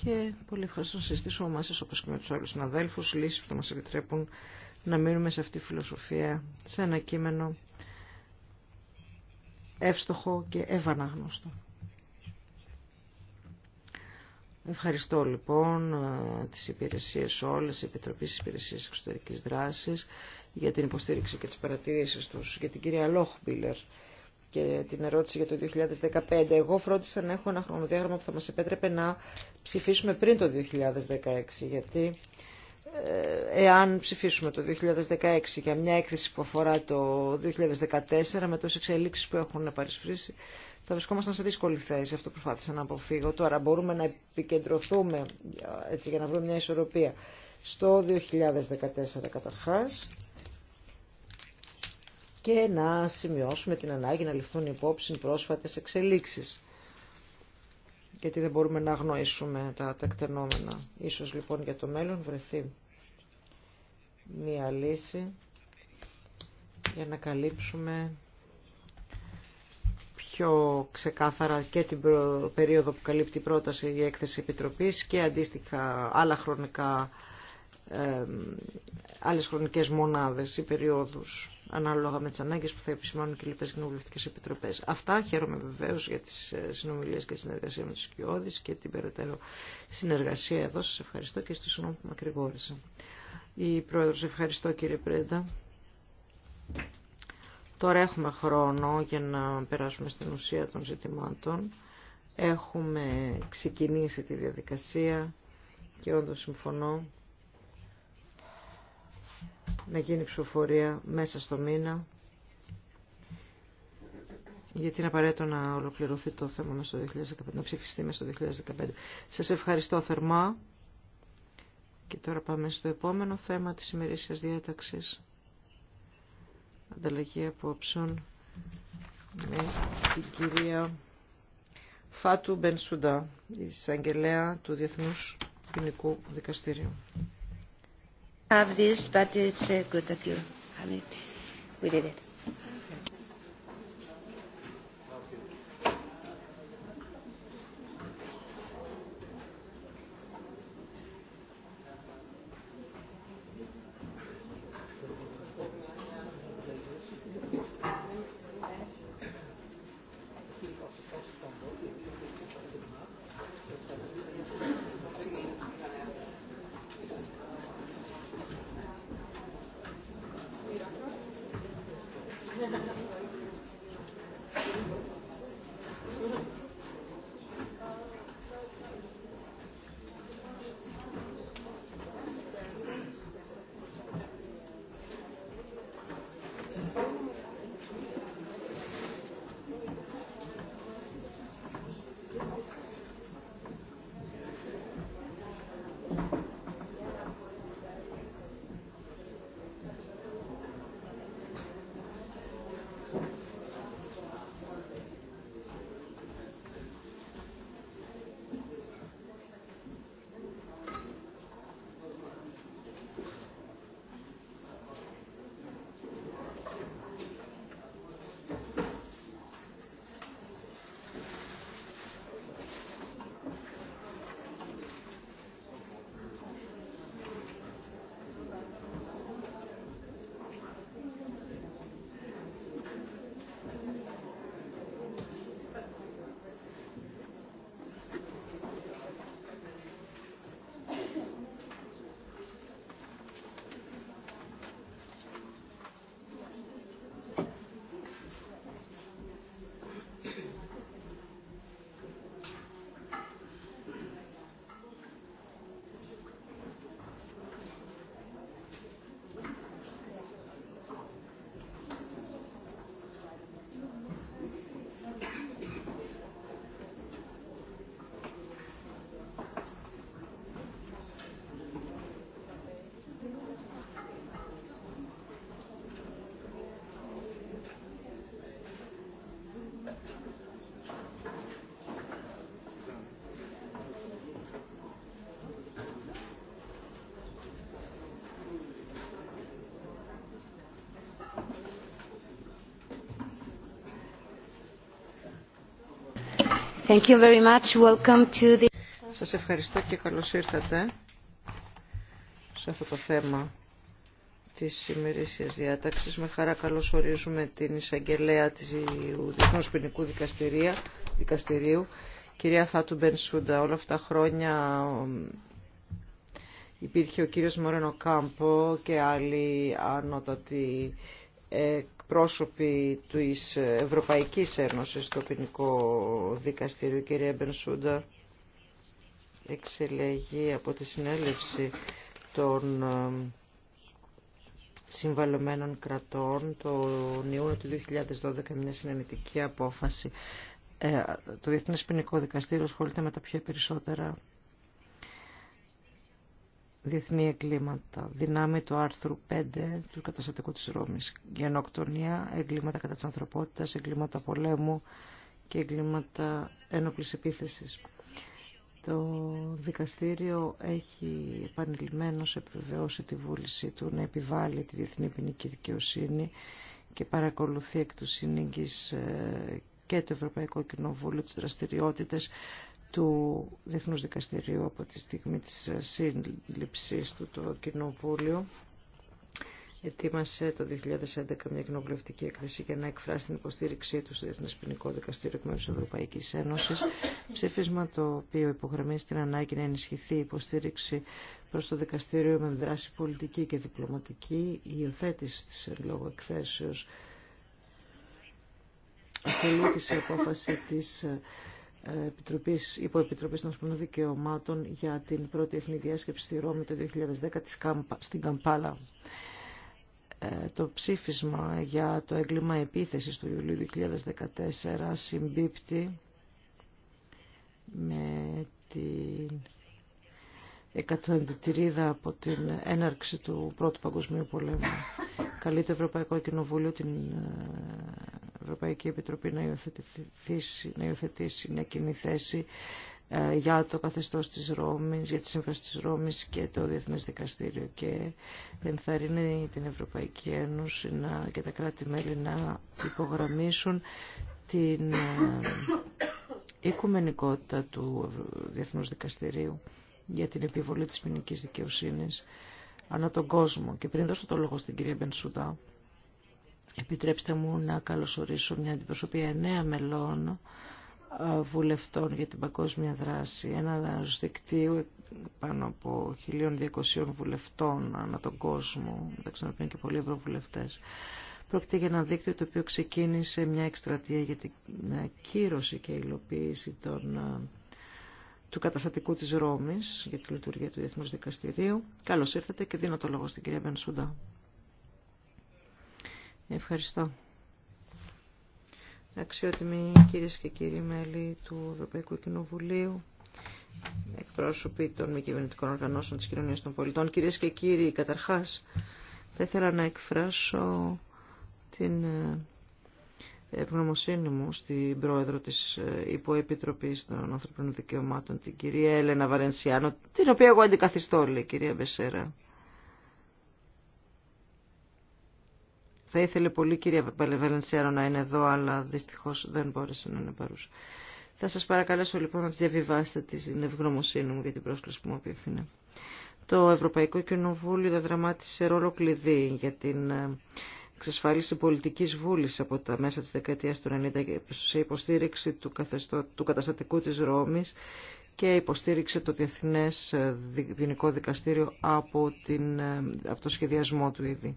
και πολύ ευχαριστώ να συζητήσω μαζί σα όπως και με του άλλου συναδέλφου, λύσει που θα μα επιτρέπουν να μείνουμε σε αυτή τη φιλοσοφία, σε ένα κείμενο εύστοχο και ευανάγνωστο. Ευχαριστώ λοιπόν ε, τις υπηρεσίες όλες, οι Επιτροπής τη Υπηρεσία Εξωτερικής Δράσης για την υποστήριξη και τις παρατηρήσεις τους, για την κυρία Λόχμπιλερ και την ερώτηση για το 2015. Εγώ φρόντισα να έχω ένα χρονοδιάγραμμα που θα μας επέτρεπε να ψηφίσουμε πριν το 2016, γιατί ε, εάν ψηφίσουμε το 2016 για μια έκθεση που αφορά το 2014 με τόσες εξελίξεις που έχουν παρισφρήσει, θα βρισκόμασταν σε δύσκολη θέση. Αυτό προσπάθησα να αποφύγω. Τώρα μπορούμε να επικεντρωθούμε ε, έτσι, για να βρούμε μια ισορροπία στο 2014 καταρχάς και να σημειώσουμε την ανάγκη να ληφθούν υπόψη πρόσφατες εξελίξεις. Γιατί δεν μπορούμε να αγνοήσουμε τα τεκτενόμενα. Ίσως λοιπόν για το μέλλον βρεθεί μία λύση για να καλύψουμε πιο ξεκάθαρα και την περίοδο που καλύπτει η πρόταση για έκθεση επιτροπής και αντίστοιχα άλλα χρονικά ε, άλλες χρονικές μονάδες ή περιόδους ανάλογα με τις ανάγκες που θα επισημάνουν και οι λοιπές κοινοβουλευτικές επιτροπές. Αυτά χαίρομαι βεβαίως για τις ε, συνομιλίες και τη συνεργασία με τους Σκιώδης και την περαιτέρω συνεργασία εδώ. Σας ευχαριστώ και στη συγγνώμη που μακρηγόρησα. Η Πρόεδρος, ευχαριστώ κύριε Πρέντα. Τώρα έχουμε χρόνο για να περάσουμε στην ουσία των ζητημάτων. Έχουμε ξεκινήσει τη διαδικασία και όντως συμφωνώ να γίνει ψηφοφορία μέσα στο μήνα γιατί είναι απαραίτητο να ολοκληρωθεί το θέμα μέσα στο 2015, να ψηφιστεί μέσα στο 2015. Σας ευχαριστώ θερμά και τώρα πάμε στο επόμενο θέμα της ημερήσιας διάταξης. Ανταλλαγή απόψεων με την κυρία Φάτου Μπενσούντα, εισαγγελέα του Διεθνούς Ποινικού Δικαστήριου have this, but it's good that you I mean, We did it. Thank Σας ευχαριστώ και καλώς ήρθατε σε αυτό το θέμα της ημερήσιας διάταξης. Με χαρά καλώς ορίζουμε την εισαγγελέα της Διεθνούς Ποινικού Δικαστηρίου, κυρία Φάτου Μπενσούντα. Όλα αυτά χρόνια υπήρχε ο κύριος Μωρένο Κάμπο και άλλοι ανώτατοι Πρόσωποι της Ευρωπαϊκής Ένωσης στο ποινικό δικαστήριο, η κυρία Μπενσούντα, εξελέγει από τη συνέλευση των ε, συμβαλωμένων κρατών τον Ιούνιο του 2012 μια συνενετική απόφαση. Ε, το Διεθνές Ποινικό Δικαστήριο ασχολείται με τα πιο περισσότερα διεθνή εγκλήματα, δυνάμει του άρθρου 5 του καταστατικού της Ρώμης, γενοκτονία, εγκλήματα κατά της ανθρωπότητας, εγκλήματα πολέμου και εγκλήματα ένοπλης επίθεσης. Το δικαστήριο έχει επανειλημμένως επιβεβαιώσει τη βούλησή του να επιβάλλει τη διεθνή ποινική δικαιοσύνη και παρακολουθεί εκ του ε, και το Ευρωπαϊκό Κοινοβούλιο τις δραστηριότητες του Διεθνούς Δικαστηρίου από τη στιγμή της σύλληψής του το Κοινοβούλιο ετοίμασε το 2011 μια κοινοβουλευτική έκθεση για να εκφράσει την υποστήριξή του στο Διεθνέ Ποινικό Δικαστήριο εκ μέρου τη Ευρωπαϊκή Ένωση. Ψήφισμα το οποίο υπογραμμίζει την ανάγκη να ενισχυθεί η υποστήριξη προ το δικαστήριο με δράση πολιτική και διπλωματική. Η υιοθέτηση τη λόγω εκθέσεω ακολούθησε απόφαση της Επιτροπής, Υποεπιτροπής των Σπονών Δικαιωμάτων για την πρώτη εθνική διάσκεψη στη Ρώμη το 2010 στην Καμπάλα. Ε, το ψήφισμα για το έγκλημα επίθεσης του Ιουλίου 2014 συμπίπτει με την εκατοεντητηρίδα από την έναρξη του Πρώτου Παγκοσμίου Πολέμου. Καλεί το Ευρωπαϊκό Κοινοβούλιο την ε, Ευρωπαϊκή Επιτροπή να υιοθετήσει, να υιοθετήσει μια κοινή θέση ε, για το καθεστώς της Ρώμης, για τη σύμβαση της Ρώμης και το Διεθνές Δικαστήριο και ενθαρρύνει την Ευρωπαϊκή Ένωση να, και τα κράτη-μέλη να υπογραμμίσουν την ε, οικουμενικότητα του Διεθνούς Δικαστηρίου για την επιβολή της ποινική δικαιοσύνης ανά τον κόσμο. Και πριν δώσω το λόγο στην κυρία Μπενσούτα. Επιτρέψτε μου να καλωσορίσω μια αντιπροσωπεία εννέα μελών ε, βουλευτών για την παγκόσμια δράση, ένα δικτύου πάνω από 1.200 βουλευτών ανά τον κόσμο, μεταξύ των οποίων και πολλοί ευρωβουλευτές. Πρόκειται για ένα δίκτυο το οποίο ξεκίνησε μια εκστρατεία για την ε, κύρωση και υλοποίηση των, ε, του καταστατικού της Ρώμης για τη λειτουργία του Διεθνούς Δικαστηρίου. Καλώς ήρθατε και δίνω το λόγο στην κυρία Μπενσούντα. Ευχαριστώ. Αξιότιμοι κυρίες και κύριοι μέλη του Ευρωπαϊκού Κοινοβουλίου, εκπρόσωποι των μη κυβερνητικών οργανώσεων της κοινωνίας των πολιτών, κυρίες και κύριοι, καταρχάς θα ήθελα να εκφράσω την ε, ευγνωμοσύνη μου στην πρόεδρο της ε, Υποεπιτροπής των Ανθρωπίνων Δικαιωμάτων, την κυρία Έλενα Βαρενσιάνο, την οποία εγώ αντικαθιστώ, λέει, κυρία Μπεσέρα. Θα ήθελε πολύ κυρία Παλεβέλενσιάρο να είναι εδώ, αλλά δυστυχώς δεν μπόρεσε να είναι παρούσα. Θα σας παρακαλέσω λοιπόν να τη διαβιβάσετε την ευγνωμοσύνη μου για την πρόσκληση που μου απίθυνε. Το Ευρωπαϊκό Κοινοβούλιο δραμάτισε ρόλο κλειδί για την ε, εξασφάλιση πολιτικής βούλης από τα μέσα της δεκαετίας του 90 σε υποστήριξη του, καθεστώ, του καταστατικού της Ρώμης και υποστήριξε το διεθνέ ε, Ποινικό Δικαστήριο από, την, ε, από το σχεδιασμό του ήδη.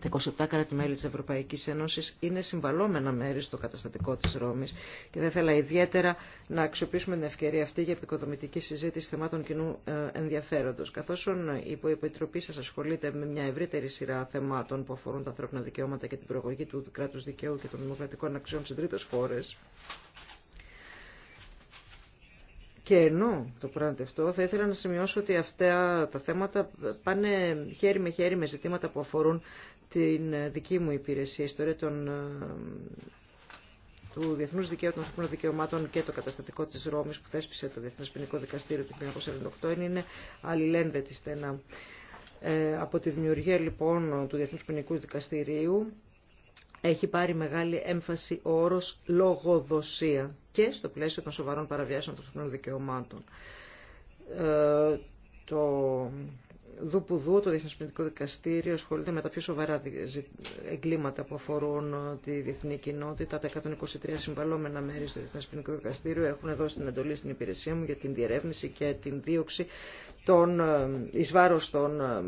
Τα 27 κράτη-μέλη της Ευρωπαϊκής Ένωσης είναι συμβαλόμενα μέρη στο καταστατικό της Ρώμης και θα ήθελα ιδιαίτερα να αξιοποιήσουμε την ευκαιρία αυτή για επικοδομητική συζήτηση θεμάτων κοινού ε, ενδιαφέροντος. Καθώς η Επιτροπή σας ασχολείται με μια ευρύτερη σειρά θεμάτων που αφορούν τα ανθρώπινα δικαιώματα και την προαγωγή του κράτους δικαίου και των δημοκρατικών αξιών σε τρίτες χώρες, και ενώ το πράγμα αυτό, θα ήθελα να σημειώσω ότι αυτά τα θέματα πάνε χέρι με χέρι με ζητήματα που αφορούν την δική μου υπηρεσία, ιστορία των, ε, του Διεθνούς Δικαίου των Ανθρωπίνων Δικαιωμάτων και το καταστατικό της Ρώμης που θέσπισε το Διεθνές Ποινικό Δικαστήριο του 1948 είναι αλληλένδετη στενά. Ε, από τη δημιουργία λοιπόν του Διεθνούς Ποινικού Δικαστηρίου έχει πάρει μεγάλη έμφαση ο όρος λογοδοσία και στο πλαίσιο των σοβαρών παραβιάσεων των δικαιωμάτων. Ε, το Δουπουδού, το Διεθνές Ποινικό Δικαστήριο, ασχολείται με τα πιο σοβαρά εγκλήματα που αφορούν ε, τη διεθνή κοινότητα. Τα 123 συμβαλόμενα μέρη στο Διεθνέ Ποινικό Δικαστήριο έχουν δώσει την εντολή στην υπηρεσία μου για την διερεύνηση και την δίωξη των, ε, εις των ε,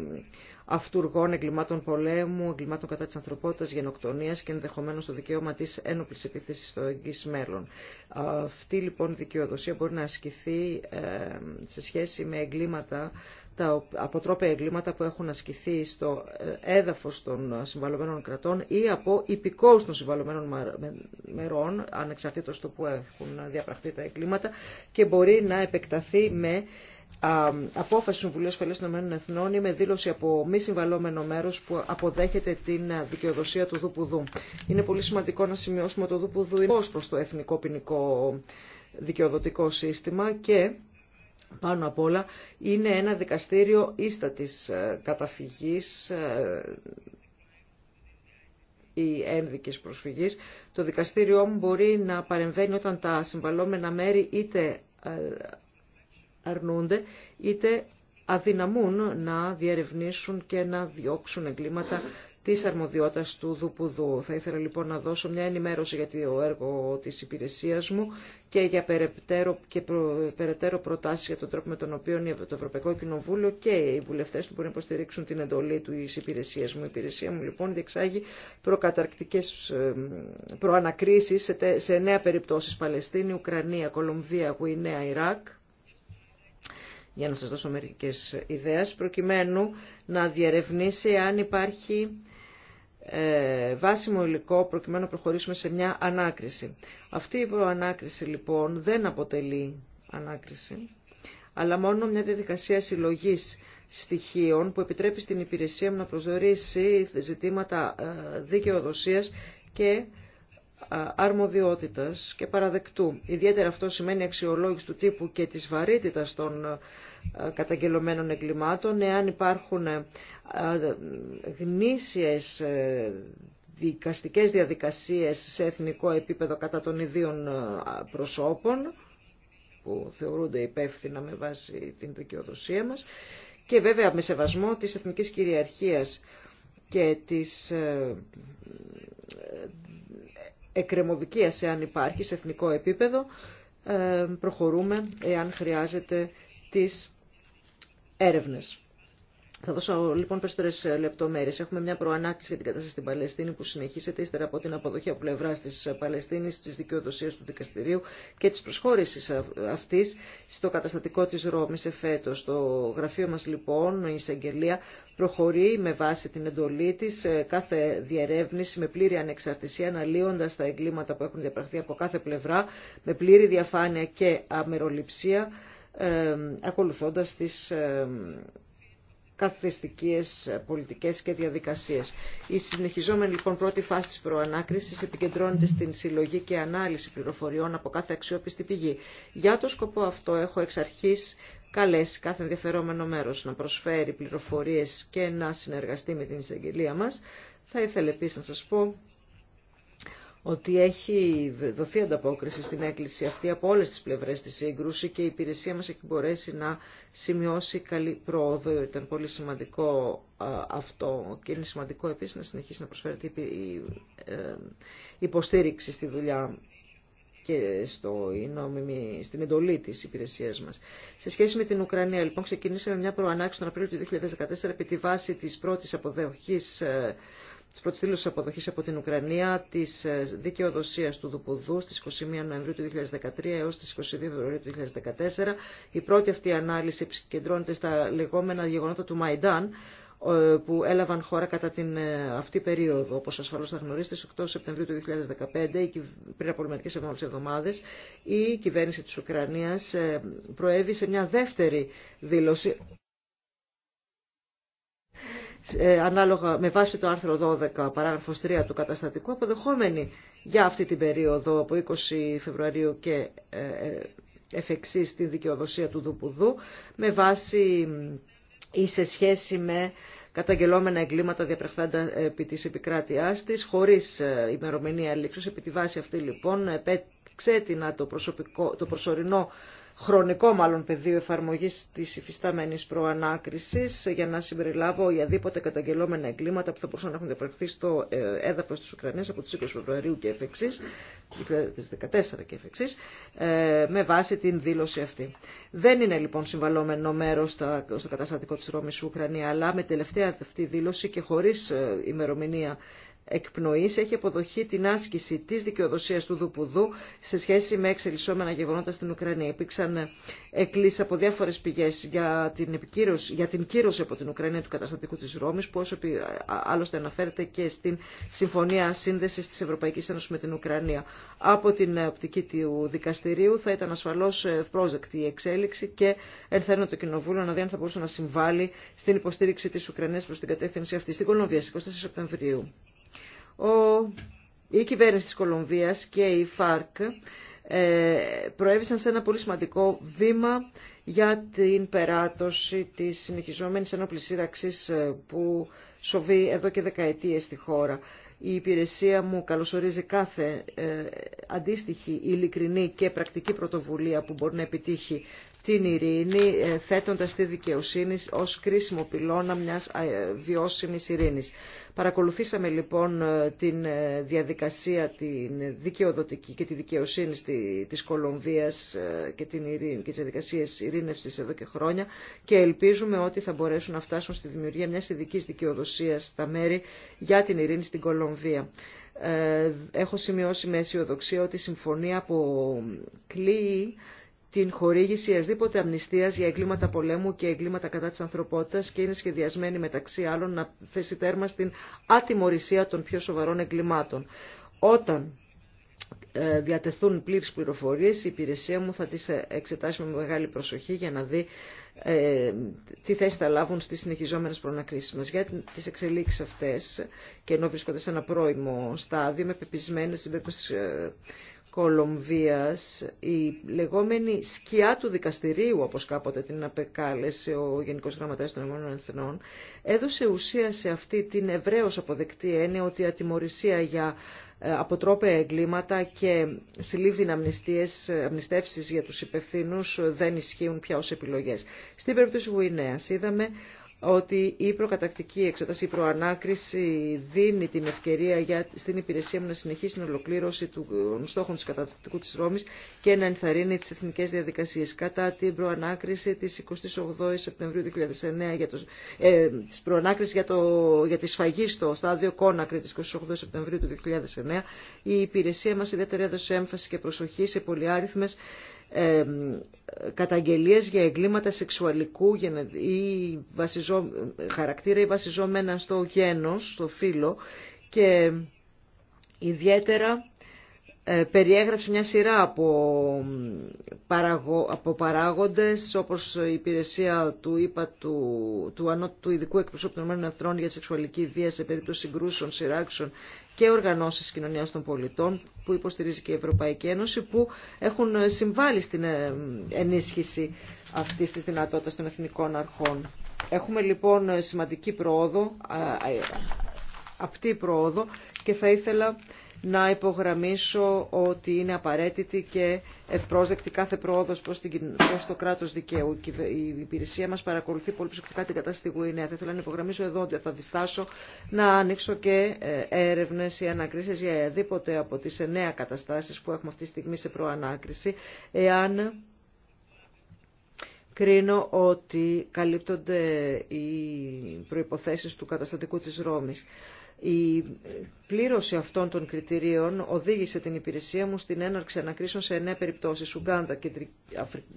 αυτούργων εγκλημάτων πολέμου, εγκλημάτων κατά της ανθρωπότητας, γενοκτονίας και ενδεχομένω το δικαίωμα τη ένοπλης επίθεσης στο εγγύ μέλλον. Αυτή λοιπόν η δικαιοδοσία μπορεί να ασκηθεί ε, σε σχέση με εγκλήματα τα αποτρόπαια εγκλήματα που έχουν ασκηθεί στο ε, έδαφος των συμβαλωμένων κρατών ή από υπηκόου των συμβαλωμένων μερών, ανεξαρτήτως το που έχουν διαπραχθεί τα εγκλήματα, και μπορεί να επεκταθεί με απόφαση του Συμβουλίου Ασφαλείας των Εθνών ή με δήλωση από μη συμβαλόμενο μέρος που αποδέχεται την δικαιοδοσία του Δούπουδου. Είναι πολύ σημαντικό να σημειώσουμε το Δούπουδου είναι προς το εθνικό ποινικό δικαιοδοτικό σύστημα και πάνω απ' όλα είναι ένα δικαστήριο ίστατης ε, καταφυγής ε, ή ένδικης προσφυγής. Το δικαστήριό μου μπορεί να παρεμβαίνει όταν τα συμβαλόμενα μέρη είτε ε, αρνούνται, είτε αδυναμούν να διερευνήσουν και να διώξουν εγκλήματα της αρμοδιότητας του Δουπουδού. Θα ήθελα λοιπόν να δώσω μια ενημέρωση για το έργο της υπηρεσίας μου και για περαιτέρω, και προ, προτάσεις για τον τρόπο με τον οποίο το Ευρωπαϊκό Κοινοβούλιο και οι βουλευτές του μπορούν να υποστηρίξουν την εντολή του της μου. Η υπηρεσία μου λοιπόν διεξάγει προκαταρκτικές προανακρίσεις σε, σε νέα περιπτώσεις Παλαιστίνη, Ουκρανία, Κολομβία, Γουινέα, Ιράκ για να σας δώσω μερικές ιδέες, προκειμένου να διερευνήσει αν υπάρχει ε, βάσιμο υλικό προκειμένου να προχωρήσουμε σε μια ανάκριση. Αυτή η προανάκριση λοιπόν δεν αποτελεί ανάκριση, αλλά μόνο μια διαδικασία συλλογής στοιχείων που επιτρέπει στην υπηρεσία μου να προσδιορίσει ζητήματα ε, δικαιοδοσίας και αρμοδιότητας και παραδεκτού. Ιδιαίτερα αυτό σημαίνει αξιολόγηση του τύπου και της βαρύτητας των καταγγελωμένων εγκλημάτων, εάν υπάρχουν γνήσιες ε, δικαστικές διαδικασίες σε εθνικό επίπεδο κατά των ιδίων προσώπων, που θεωρούνται υπεύθυνα με βάση την δικαιοδοσία μας, και βέβαια με σεβασμό της εθνικής κυριαρχίας και της ε, σε εάν υπάρχει σε εθνικό επίπεδο ε, προχωρούμε εάν χρειάζεται τις έρευνες. Θα δώσω λοιπόν περισσότερε λεπτομέρειε. Έχουμε μια προανάκτηση για την κατάσταση στην Παλαιστίνη που συνεχίζεται ύστερα από την αποδοχή από πλευρά τη Παλαιστίνη, τη δικαιοδοσία του δικαστηρίου και τη προσχώρηση αυτή στο καταστατικό τη Ρώμη εφέτο. Το γραφείο μα λοιπόν, η εισαγγελία, προχωρεί με βάση την εντολή τη κάθε διερεύνηση με πλήρη ανεξαρτησία, αναλύοντα τα εγκλήματα που έχουν διαπραχθεί από κάθε πλευρά, με πλήρη διαφάνεια και αμεροληψία, ε, ακολουθώντα τι. Ε, καθιστικές ε, πολιτικές και διαδικασίες. Η συνεχιζόμενη λοιπόν πρώτη φάση της προανάκρισης επικεντρώνεται στην συλλογή και ανάλυση πληροφοριών από κάθε αξιόπιστη πηγή. Για το σκοπό αυτό έχω εξ αρχής καλέσει κάθε ενδιαφερόμενο μέρος να προσφέρει πληροφορίες και να συνεργαστεί με την εισαγγελία μας. Θα ήθελα επίσης να σας πω ότι έχει δοθεί ανταπόκριση στην έκκληση αυτή από όλες τις πλευρές της σύγκρουση και η υπηρεσία μας έχει μπορέσει να σημειώσει καλή πρόοδο. Ήταν πολύ σημαντικό αυτό και είναι σημαντικό επίσης να συνεχίσει να προσφέρεται η ε, υποστήριξη στη δουλειά και στο, στην εντολή τη υπηρεσία μα. Σε σχέση με την Ουκρανία, λοιπόν, ξεκινήσαμε μια προανάξη τον Απρίλιο του 2014 επί τη βάση της πρώτης αποδοχής ε, της πρώτης δήλωσης αποδοχής από την Ουκρανία της ε, δικαιοδοσίας του Δουπουδού στις 21 Νοεμβρίου του 2013 έως τις 22 Φεβρουαρίου του 2014. Η πρώτη αυτή ανάλυση επικεντρώνεται στα λεγόμενα γεγονότα του Μαϊντάν, που έλαβαν χώρα κατά την ε, αυτή περίοδο. Όπω ασφαλώ θα γνωρίζετε, στι 8 Σεπτεμβρίου του 2015, πριν από μερικέ εβδομάδε, η κυβέρνηση τη Ουκρανία ε, προέβη σε μια δεύτερη δήλωση ε, ανάλογα με βάση το άρθρο 12 παράγραφος 3 του καταστατικού αποδεχόμενη για αυτή την περίοδο από 20 Φεβρουαρίου και ε, ε, εφεξής την δικαιοδοσία του Δουπουδού με βάση ή σε σχέση με καταγγελόμενα εγκλήματα διαπρεχθάντα επί της επικράτειάς της, χωρίς ημερομηνία λήξης. Επί τη βάση αυτή λοιπόν ξέτεινα το, προσωπικό, το προσωρινό χρονικό μάλλον πεδίο εφαρμογής της υφιστάμενης προανάκρισης για να συμπεριλάβω αδίποτε καταγγελόμενα εγκλήματα που θα μπορούσαν να έχουν διαπραχθεί στο ε, έδαφος της Ουκρανίας από τις 20 Φεβρουαρίου και εφ' τις 2014 και έφεξης, ε, με βάση την δήλωση αυτή. Δεν είναι λοιπόν συμβαλόμενο μέρος στο καταστατικό της Ρώμης Ουκρανία, αλλά με τελευταία αυτή δήλωση και χωρίς ε, ημερομηνία εκπνοής έχει αποδοχή την άσκηση της δικαιοδοσίας του Δουπουδού σε σχέση με εξελισσόμενα γεγονότα στην Ουκρανία. Υπήρξαν ε, εκκλήσεις από διάφορες πηγές για την, επικύρωση, για την κύρωση από την Ουκρανία του καταστατικού της Ρώμης που όσο άλλωστε αναφέρεται και στην Συμφωνία Σύνδεσης της Ευρωπαϊκής Ένωσης με την Ουκρανία. Από την ε, οπτική του δικαστηρίου θα ήταν ασφαλώς ε, πρόσδεκτη η εξέλιξη και ενθαρρύνω το Κοινοβούλιο να δει αν θα μπορούσε να συμβάλλει στην υποστήριξη της Ουκρανίας προς την κατεύθυνση αυτή στην Κολομβία 24 Σεπτεμβρίου ο, η κυβέρνηση της Κολομβίας και η ΦΑΡΚ ε, προέβησαν σε ένα πολύ σημαντικό βήμα για την περάτωση της συνεχιζόμενης ενόπλης σύραξης ε, που σοβεί εδώ και δεκαετίες στη χώρα. Η υπηρεσία μου καλωσορίζει κάθε ε, αντίστοιχη, ειλικρινή και πρακτική πρωτοβουλία που μπορεί να επιτύχει την ειρήνη, ε, θέτοντας τη δικαιοσύνη ως κρίσιμο πυλώνα μιας ε, βιώσιμης ειρήνης. Παρακολουθήσαμε λοιπόν ε, την ε, διαδικασία την δικαιοδοτική και τη δικαιοσύνη της Κολομβίας ε, και, την ειρήνη, και τις διαδικασίες ειρήνευσης εδώ και χρόνια και ελπίζουμε ότι θα μπορέσουν να φτάσουν στη δημιουργία μιας ειδικής δικαιοδοσίας στα μέρη για την ειρήνη στην Κολομβία έχω σημειώσει με αισιοδοξία ότι η συμφωνία αποκλείει την χορήγηση ασδήποτε αμνηστίας για εγκλήματα πολέμου και εγκλήματα κατά της ανθρωπότητας και είναι σχεδιασμένη μεταξύ άλλων να θέσει τέρμα στην ατιμορρησία των πιο σοβαρών εγκλημάτων. Όταν ε, διατεθούν πλήρες πληροφορίες, η υπηρεσία μου θα τις ε, εξετάσει με μεγάλη προσοχή για να δει ε, τι θέση θα λάβουν στις συνεχιζόμενες προνακρίσεις μας. Για τις εξελίξεις αυτές, και ενώ βρίσκονται σε ένα πρώιμο στάδιο, είμαι πεπισμένη στην περίπτωση Κολομβίας, η λεγόμενη σκιά του δικαστηρίου, όπως κάποτε την απεκάλεσε ο Γενικός Γραμματέας των Ηνωμένων Εθνών, έδωσε ουσία σε αυτή την ευρέως αποδεκτή έννοια ότι η ατιμορρησία για ε, αποτρόπαια εγκλήματα και συλλήβδιν αμνηστεύσεις για τους υπευθύνους ε, δεν ισχύουν πια ως επιλογές. Στην περίπτωση Γουινέας είδαμε ότι η προκατακτική εξέταση, η προανάκριση δίνει την ευκαιρία για, στην υπηρεσία μου να συνεχίσει την ολοκλήρωση των στόχων της καταστατικού της Ρώμης και να ενθαρρύνει τις εθνικές διαδικασίες. Κατά την προανάκριση της 28 Σεπτεμβρίου 2009, για το, ε, της για, το, για τη σφαγή στο στάδιο Κόνακρη της 28 Σεπτεμβρίου του 2009, η υπηρεσία μας ιδιαίτερα έδωσε έμφαση και προσοχή σε πολυάριθμε καταγγελίες για εγκλήματα σεξουαλικού ή βασιζό, χαρακτήρα ή βασιζόμενα στο γένος, στο φύλλο και ιδιαίτερα ε, περιέγραψε μια σειρά από, παραγω, από παράγοντες όπως η υπηρεσία του ΙΠΑ του, του, του Ειδικού Εκπροσώπου των για τη σεξουαλική βία σε περίπτωση συγκρούσεων, σειράξεων και οργανώσεις κοινωνίας των πολιτών που υποστηρίζει και η Ευρωπαϊκή Ένωση που έχουν συμβάλει στην ε, ενίσχυση αυτής της δυνατότητας των εθνικών αρχών. Έχουμε λοιπόν σημαντική πρόοδο, ε, απτή πρόοδο και θα ήθελα να υπογραμμίσω ότι είναι απαραίτητη και ευπρόσδεκτη κάθε πρόοδος προς, το κράτος δικαίου. Η υπηρεσία μας παρακολουθεί πολύ προσεκτικά την κατάσταση στη Γουινέα. Θα ήθελα να υπογραμμίσω εδώ ότι θα διστάσω να ανοίξω και ε, έρευνες ή ανακρίσεις για οποιαδήποτε από τις εννέα καταστάσεις που έχουμε αυτή τη στιγμή σε προανάκριση, εάν κρίνω ότι καλύπτονται οι προϋποθέσεις του καταστατικού της Ρώμης. Η πλήρωση αυτών των κριτηρίων οδήγησε την υπηρεσία μου στην έναρξη ανακρίσεων σε εννέα περιπτώσεις. Ουγκάντα,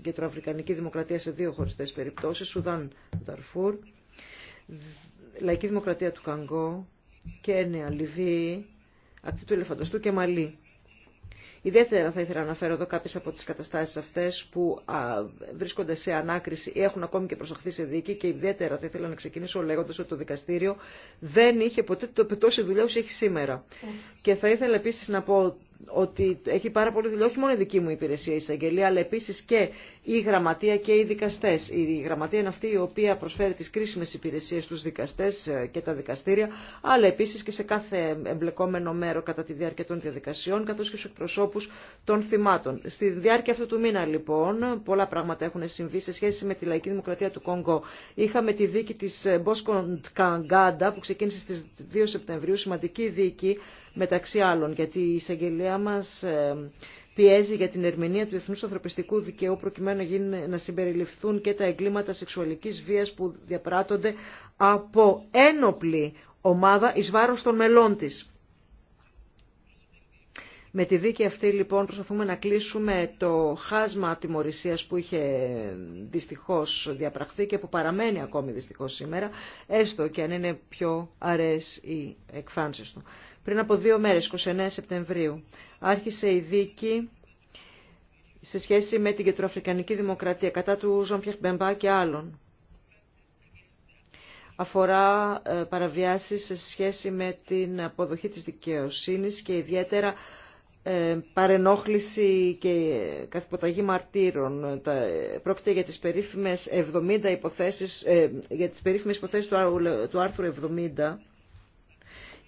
Κεντροαφρικανική Δημοκρατία σε δύο χωριστές περιπτώσεις, Σουδάν, Νταρφούρ, Λαϊκή Δημοκρατία του Καγκό, Κένια, Λιβύη, Ακτή του Ελεφαντοστού και Μαλή. Ιδιαίτερα θα ήθελα να αναφέρω εδώ κάποιες από τις καταστάσεις αυτές που βρίσκονται σε ανάκριση ή έχουν ακόμη και προσαχθεί σε δίκη και ιδιαίτερα θα ήθελα να ξεκινήσω λέγοντας ότι το δικαστήριο δεν είχε ποτέ το τόση δουλειά όσο έχει σήμερα. Ε. Και θα ήθελα επίσης να πω ότι έχει πάρα πολύ δουλειά, όχι μόνο η δική μου υπηρεσία η εισαγγελία, αλλά επίση και η γραμματεία και οι δικαστέ. Η γραμματεία είναι αυτή η οποία προσφέρει τι κρίσιμε υπηρεσίε στου δικαστέ ε, και τα δικαστήρια, αλλά επίση και σε κάθε εμπλεκόμενο μέρο κατά τη διάρκεια των διαδικασιών, καθώ και στου εκπροσώπου των θυμάτων. Στη διάρκεια αυτού του μήνα, λοιπόν, πολλά πράγματα έχουν συμβεί σε σχέση με τη Λαϊκή Δημοκρατία του Κονγκό. Είχαμε τη δίκη τη ε, Μπόσκοντ Καγκάντα που ξεκίνησε στι 2 Σεπτεμβρίου, σημαντική δίκη μεταξύ άλλων, γιατί η εισαγγελία μα ε, πιέζει για την ερμηνεία του Διεθνούς Ανθρωπιστικού Δικαίου προκειμένου να, να συμπεριληφθούν και τα εγκλήματα σεξουαλικής βίας που διαπράττονται από ένοπλη ομάδα εις βάρος των μελών της. Με τη δίκη αυτή λοιπόν προσπαθούμε να κλείσουμε το χάσμα τιμωρησίας που είχε ε, δυστυχώς διαπραχθεί και που παραμένει ακόμη δυστυχώς σήμερα, έστω και αν είναι πιο αρές οι εκφάνσεις του πριν από δύο μέρες, 29 Σεπτεμβρίου. Άρχισε η δίκη σε σχέση με την Κεντροαφρικανική Δημοκρατία κατά του Ζων Μπεμπά και άλλων. Αφορά ε, παραβιάσεις σε σχέση με την αποδοχή της δικαιοσύνης και ιδιαίτερα ε, παρενόχληση και καθυποταγή μαρτύρων. Τα, ε, πρόκειται για τις περίφημες 70 υποθέσεις, για τις περίφημες υποθέσεις του άρθρου 70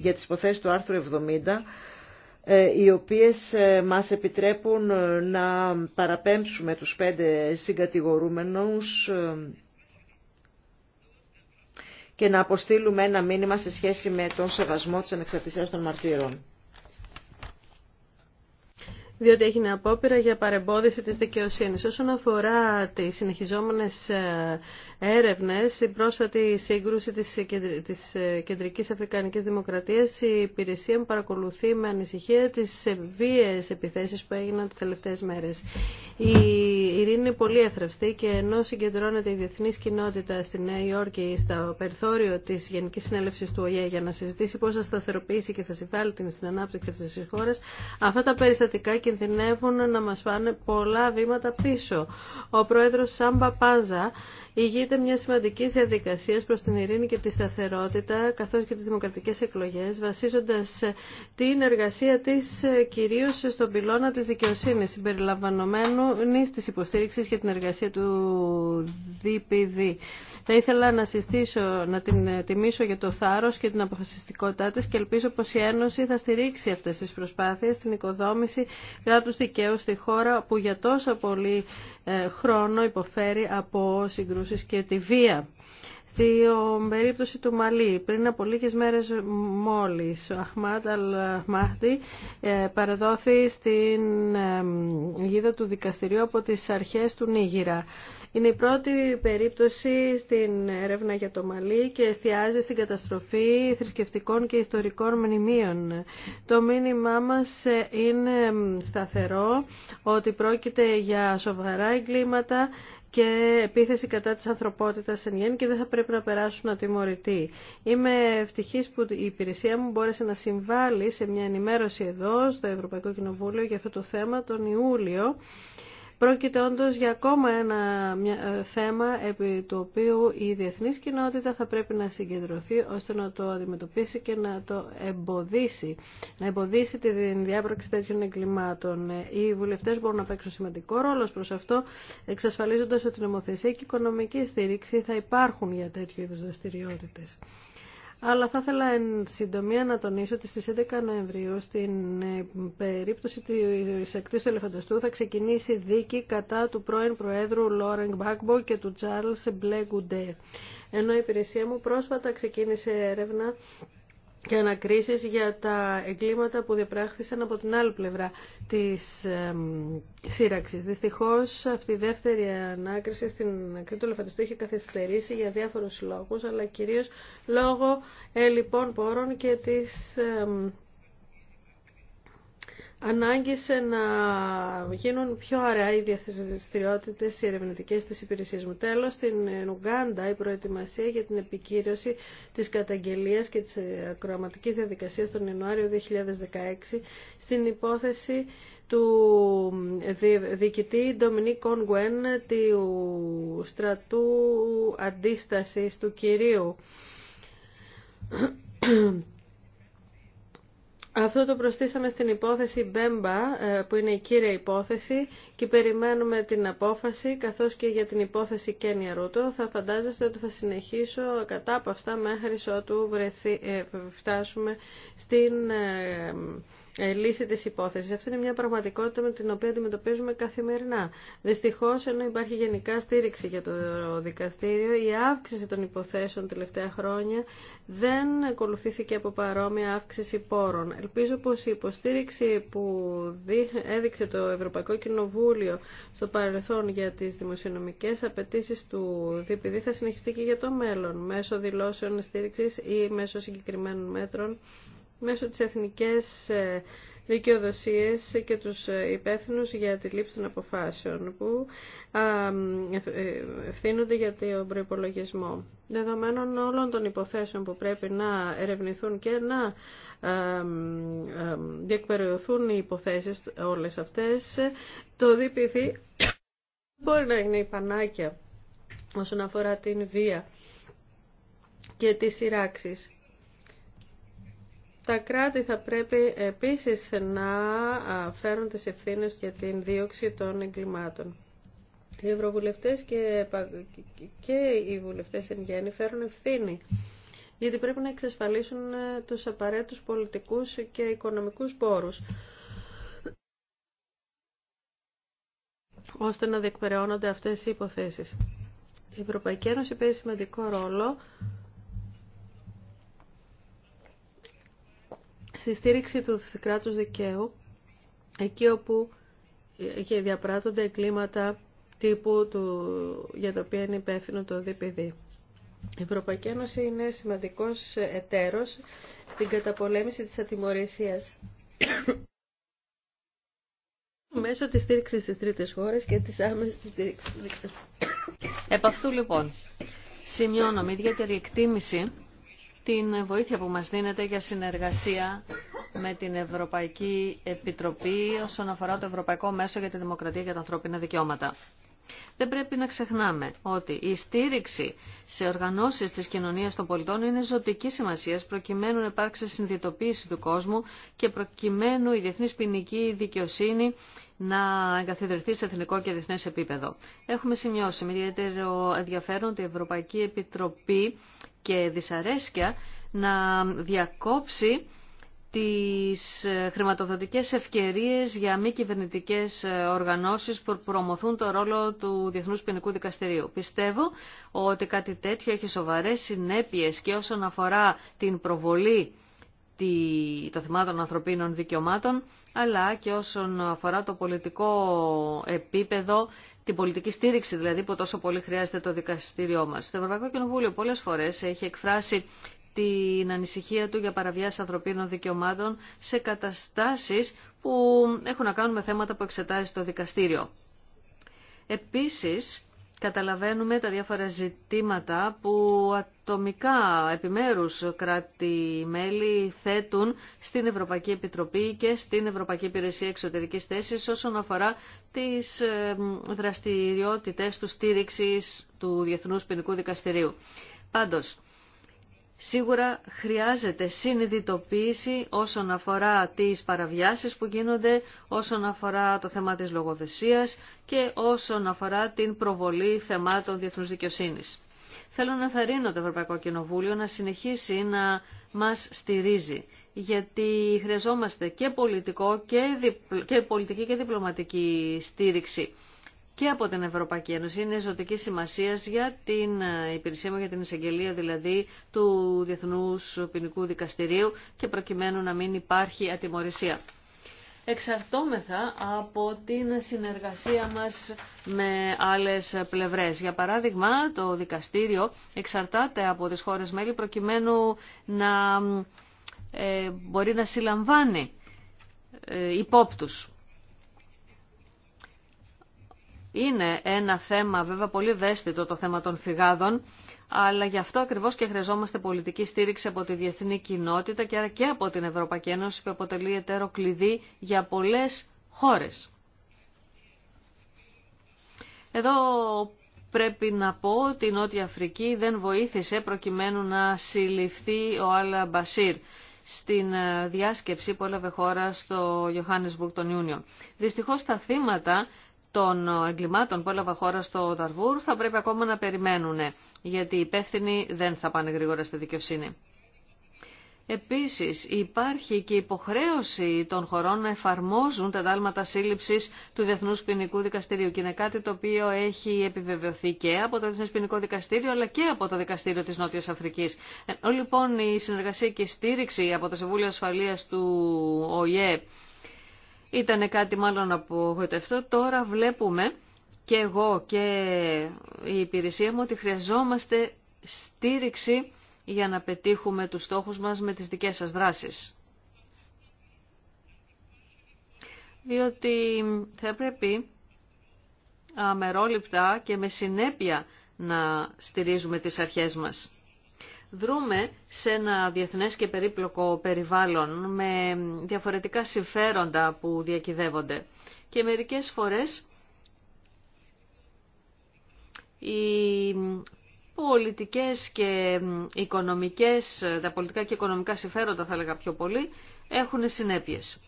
για τις υποθέσεις του άρθρου 70 ε, οι οποίες ε, μας επιτρέπουν ε, να παραπέμψουμε τους πέντε συγκατηγορούμενους και να αποστείλουμε ένα μήνυμα σε σχέση με τον σεβασμό της ανεξαρτησίας των μαρτύρων διότι έγινε απόπειρα για παρεμπόδιση της δικαιοσύνης. Όσον αφορά τις συνεχιζόμενες ε, έρευνες, η πρόσφατη σύγκρουση της ε, Κεντρικής Αφρικανικής Δημοκρατίας, η υπηρεσία μου παρακολουθεί με ανησυχία τις βίαιες επιθέσεις που έγιναν τις τελευταίες μέρες ειρήνη είναι πολύ εθρευστή και ενώ συγκεντρώνεται η διεθνή κοινότητα στη Νέα Υόρκη στο περιθώριο τη Γενική Συνέλευση του ΟΗΕ για να συζητήσει πώ θα σταθεροποιήσει και θα συμβάλλει στην ανάπτυξη αυτή τη χώρα, αυτά τα περιστατικά κινδυνεύουν να μα πάνε πολλά βήματα πίσω. Ο πρόεδρο Σάμπα Πάζα ηγείται μια σημαντική διαδικασία προ την ειρήνη και τη σταθερότητα, καθώ και τι δημοκρατικέ εκλογέ, βασίζοντα ε, την εργασία τη ε, κυρίω στον πυλώνα τη δικαιοσύνη, συμπεριλαμβανομένου τη υποστήριξη για την εργασία του DPD. Θα ήθελα να συστήσω, να την ε, τιμήσω για το θάρρο και την αποφασιστικότητά τη και ελπίζω πω η Ένωση θα στηρίξει αυτέ τι προσπάθειε στην οικοδόμηση κράτου δικαίου στη χώρα που για τόσα πολύ ε, χρόνο υποφέρει από συγκρούσεις και τη βία. Στην περίπτωση του Μαλή, πριν από λίγες μέρες μόλις, ο Αχμάτ Αλμάχτη ε, παραδόθη στην ε, γίδα του δικαστηρίου από τις αρχές του Νίγηρα. Είναι η πρώτη περίπτωση στην έρευνα για το Μαλί και εστιάζει στην καταστροφή θρησκευτικών και ιστορικών μνημείων. Το μήνυμά μας είναι σταθερό ότι πρόκειται για σοβαρά εγκλήματα και επίθεση κατά της ανθρωπότητας εν γέννη και δεν θα πρέπει να περάσουν ατιμωρητοί. Είμαι ευτυχής που η υπηρεσία μου μπόρεσε να συμβάλλει σε μια ενημέρωση εδώ στο Ευρωπαϊκό Κοινοβούλιο για αυτό το θέμα τον Ιούλιο Πρόκειται όντως για ακόμα ένα ε, θέμα επί του οποίου η διεθνής κοινότητα θα πρέπει να συγκεντρωθεί ώστε να το αντιμετωπίσει και να το εμποδίσει. Να εμποδίσει τη διάπραξη τέτοιων εγκλημάτων. Ε, οι βουλευτές μπορούν να παίξουν σημαντικό ρόλο προς αυτό, εξασφαλίζοντας ότι η νομοθεσία και οικονομική στήριξη θα υπάρχουν για τέτοιου είδους δραστηριότητες. Αλλά θα ήθελα εν συντομία να τονίσω ότι στις 11 Νοεμβρίου στην ε, περίπτωση της εκτής του Ελεφαντοστού θα ξεκινήσει δίκη κατά του πρώην Προέδρου Λόρεν Μπάκμπο και του Τσάρλς Μπλε Ενώ η υπηρεσία μου πρόσφατα ξεκίνησε έρευνα και ανακρίσεις για τα εγκλήματα που διαπράχθησαν από την άλλη πλευρά της ε, σύραξης. Δυστυχώς αυτή η δεύτερη ανάκριση στην Κρήτη του Λεφαντιστού είχε καθυστερήσει για διάφορους λόγους, αλλά κυρίως λόγω ε, λοιπόν πόρων και της ανάγκησε να γίνουν πιο αραιά οι διαθεστηριότητες οι ερευνητικέ τη υπηρεσία μου. Τέλο, στην Ουγγάντα η προετοιμασία για την επικύρωση τη καταγγελία και τη ακροαματική διαδικασία τον Ιανουάριο 2016 στην υπόθεση του διοικητή Ντομινί Κόνγκουεν του στρατού αντίστασης του κυρίου αυτό το προστίσαμε στην υπόθεση Μπέμπα, ε, που είναι η κύρια υπόθεση και περιμένουμε την απόφαση, καθώς και για την υπόθεση Κένια Ρούτο. Θα φαντάζεστε ότι θα συνεχίσω κατάπαυστα μέχρι ότου βρεθεί, ε, φτάσουμε στην ε, ε, λύση της υπόθεσης. Αυτή είναι μια πραγματικότητα με την οποία αντιμετωπίζουμε καθημερινά. Δυστυχώς, ενώ υπάρχει γενικά στήριξη για το δικαστήριο, η αύξηση των υποθέσεων τελευταία χρόνια δεν ακολουθήθηκε από παρόμοια αύξηση πόρων. Ελπίζω πως η υποστήριξη που έδειξε το Ευρωπαϊκό Κοινοβούλιο στο παρελθόν για τις δημοσιονομικές απαιτήσει του ΔΠΔ θα συνεχιστεί και για το μέλλον, μέσω δηλώσεων στήριξης ή μέσω συγκεκριμένων μέτρων μέσω της εθνικές ε, Δικαιοδοσίας και τους ε, υπεύθυνου για τη λήψη των αποφάσεων που ε, ευθύνονται για τον προϋπολογισμό. Δεδομένων όλων των υποθέσεων που πρέπει να ερευνηθούν και να διεκπεριωθούν οι υποθέσεις όλες αυτές, το ΔΠΘ μπορεί να είναι η πανάκια όσον αφορά την βία και τις σειράξεις. Τα κράτη θα πρέπει επίσης να φέρουν τις ευθύνες για την δίωξη των εγκλημάτων. Οι ευρωβουλευτές και, και οι βουλευτές εν γέννη φέρουν ευθύνη γιατί πρέπει να εξασφαλίσουν ε, τους απαραίτητους πολιτικούς και οικονομικούς πόρους ώστε να διεκπαιρεώνονται αυτές οι υποθέσεις. Η Ευρωπαϊκή Ένωση παίζει σημαντικό ρόλο στη στήριξη του κράτους δικαίου, εκεί όπου και διαπράττονται κλίματα τύπου του, για το οποίο είναι υπεύθυνο το ΔΠΔ. Η Ευρωπαϊκή Ένωση είναι σημαντικός εταίρος στην καταπολέμηση της ατιμωρησίας. μέσω της στήριξης στις τρίτες χώρες και της άμεσης στήριξης. Επ' αυτού λοιπόν, σημειώνω με ιδιαίτερη εκτίμηση την βοήθεια που μας δίνεται για συνεργασία με την Ευρωπαϊκή Επιτροπή όσον αφορά το Ευρωπαϊκό Μέσο για τη Δημοκρατία και τα Ανθρώπινα Δικαιώματα. Δεν πρέπει να ξεχνάμε ότι η στήριξη σε οργανώσεις της κοινωνίας των πολιτών είναι ζωτική σημασία προκειμένου να υπάρξει συνδυτοποίηση του κόσμου και προκειμένου η διεθνής ποινική δικαιοσύνη να εγκαθιδρυθεί σε εθνικό και διεθνές επίπεδο. Έχουμε σημειώσει με ιδιαίτερο ενδιαφέρον ότι η Ευρωπαϊκή Επιτροπή και δυσαρέσκεια να διακόψει τις ε, χρηματοδοτικές ευκαιρίες για μη κυβερνητικέ ε, οργανώσεις που προμοθούν το ρόλο του Διεθνούς Ποινικού Δικαστηρίου. Πιστεύω ότι κάτι τέτοιο έχει σοβαρές συνέπειες και όσον αφορά την προβολή των θυμάτων ανθρωπίνων δικαιωμάτων, αλλά και όσον αφορά το πολιτικό επίπεδο την πολιτική στήριξη δηλαδή που τόσο πολύ χρειάζεται το δικαστήριό μας. Το Ευρωπαϊκό Κοινοβούλιο πολλές φορές έχει εκφράσει την ανησυχία του για παραβιάση ανθρωπίνων δικαιωμάτων σε καταστάσεις που έχουν να κάνουν με θέματα που εξετάζει το δικαστήριο. Επίσης, καταλαβαίνουμε τα διάφορα ζητήματα που ατομικά επιμέρους κράτη-μέλη θέτουν στην Ευρωπαϊκή Επιτροπή και στην Ευρωπαϊκή Υπηρεσία Εξωτερικής Θέσης όσον αφορά τις ε, δραστηριότητες του στήριξης του Διεθνούς Ποινικού Δικαστηρίου. Πάντως, Σίγουρα χρειάζεται συνειδητοποίηση όσον αφορά τις παραβιάσεις που γίνονται, όσον αφορά το θέμα της λογοδεσίας και όσον αφορά την προβολή θεμάτων διεθνούς δικαιοσύνης. Θέλω να θαρρύνω το Ευρωπαϊκό Κοινοβούλιο να συνεχίσει να μας στηρίζει, γιατί χρειαζόμαστε και, πολιτικό και, και πολιτική και διπλωματική στήριξη και από την Ευρωπαϊκή Ένωση. Είναι ζωτική σημασία για την ε, υπηρεσία μου, για την εισαγγελία δηλαδή του Διεθνού Ποινικού Δικαστηρίου και προκειμένου να μην υπάρχει ατιμορρησία. Εξαρτώμεθα από την συνεργασία μας με άλλες πλευρές. Για παράδειγμα, το δικαστήριο εξαρτάται από τις χώρες μέλη προκειμένου να ε, μπορεί να συλλαμβάνει ε, υπόπτους είναι ένα θέμα βέβαια πολύ ευαίσθητο το θέμα των φυγάδων, αλλά γι' αυτό ακριβώς και χρειαζόμαστε πολιτική στήριξη από τη διεθνή κοινότητα και και από την Ευρωπαϊκή Ένωση που αποτελεί εταίρο κλειδί για πολλές χώρες. Εδώ πρέπει να πω ότι η Νότια Αφρική δεν βοήθησε προκειμένου να συλληφθεί ο Αλ Μπασίρ στην ε, διάσκεψη που έλαβε χώρα στο Johannesburg τον Ιούνιο. Δυστυχώς τα θύματα των εγκλημάτων που έλαβα χώρα στο Δαρβούρ θα πρέπει ακόμα να περιμένουν, γιατί οι υπεύθυνοι δεν θα πάνε γρήγορα στη δικαιοσύνη. Επίσης υπάρχει και υποχρέωση των χωρών να εφαρμόζουν τα δάλματα σύλληψης του Διεθνούς Ποινικού Δικαστηρίου και είναι κάτι το οποίο έχει επιβεβαιωθεί και από το Διεθνές Ποινικό Δικαστήριο αλλά και από το Δικαστήριο της Νότιας Αφρικής. Ενώ λοιπόν η συνεργασία και η στήριξη από το Συμβούλιο Ασφαλείας του ΟΗΕ Ήτανε κάτι μάλλον απογοητευτό. Τώρα βλέπουμε και εγώ και η υπηρεσία μου ότι χρειαζόμαστε στήριξη για να πετύχουμε τους στόχους μας με τις δικές σας δράσεις. Διότι θα πρέπει αμερόληπτα και με συνέπεια να στηρίζουμε τις αρχές μας δρούμε σε ένα διεθνές και περίπλοκο περιβάλλον με διαφορετικά συμφέροντα που διακυδεύονται. Και μερικές φορές οι πολιτικές και οικονομικές, τα πολιτικά και οικονομικά συμφέροντα θα έλεγα πιο πολύ, έχουν συνέπειες.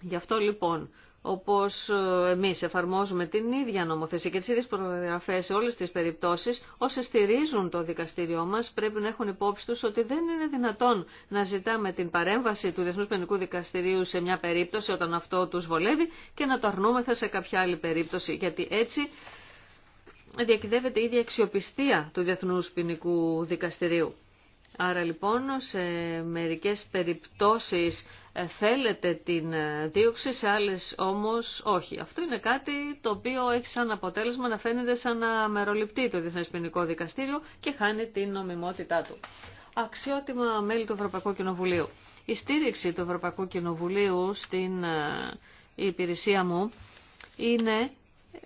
Γι' αυτό λοιπόν όπως ε, εμείς εφαρμόζουμε την ίδια νομοθεσία και τις ίδιες προγραφές σε όλες τις περιπτώσεις, όσοι στηρίζουν το δικαστήριό μας πρέπει να έχουν υπόψη τους ότι δεν είναι δυνατόν να ζητάμε την παρέμβαση του Διεθνούς Ποινικού Δικαστηρίου σε μια περίπτωση όταν αυτό τους βολεύει και να το αρνούμεθα σε κάποια άλλη περίπτωση, γιατί έτσι διακυδεύεται η ίδια αξιοπιστία του Διεθνούς Ποινικού Δικαστηρίου. Άρα λοιπόν σε μερικές περιπτώσεις ε, θέλετε την ε, δίωξη, σε άλλες όμως όχι. Αυτό είναι κάτι το οποίο έχει σαν αποτέλεσμα να φαίνεται σαν να μεροληπτεί το Διεθνές Ποινικό Δικαστήριο και χάνει την νομιμότητά του. Αξιότιμα μέλη του Ευρωπαϊκού Κοινοβουλίου. Η στήριξη του Ευρωπαϊκού Κοινοβουλίου στην ε, υπηρεσία μου είναι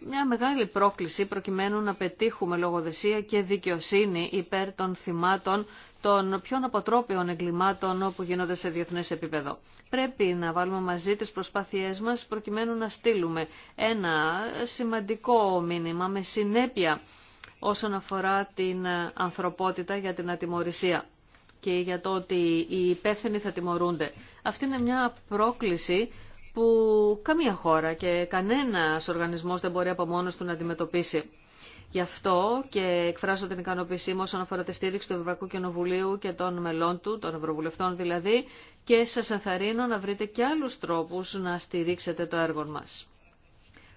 μια μεγάλη πρόκληση προκειμένου να πετύχουμε λογοδεσία και δικαιοσύνη υπέρ των θυμάτων των πιο αποτρόπιων εγκλημάτων που γίνονται σε διεθνές επίπεδο. Πρέπει να βάλουμε μαζί τις προσπάθειές μας προκειμένου να στείλουμε ένα σημαντικό μήνυμα με συνέπεια όσον αφορά την ανθρωπότητα για την ατιμορρησία και για το ότι οι υπεύθυνοι θα τιμωρούνται. Αυτή είναι μια πρόκληση που καμία χώρα και κανένας οργανισμός δεν μπορεί από μόνος του να αντιμετωπίσει. Γι' αυτό και εκφράζω την ικανοποίησή μου όσον αφορά τη στήριξη του Ευρωπαϊκού Κοινοβουλίου και των μελών του, των Ευρωβουλευτών δηλαδή, και σας ενθαρρύνω να βρείτε και άλλους τρόπους να στηρίξετε το έργο μας.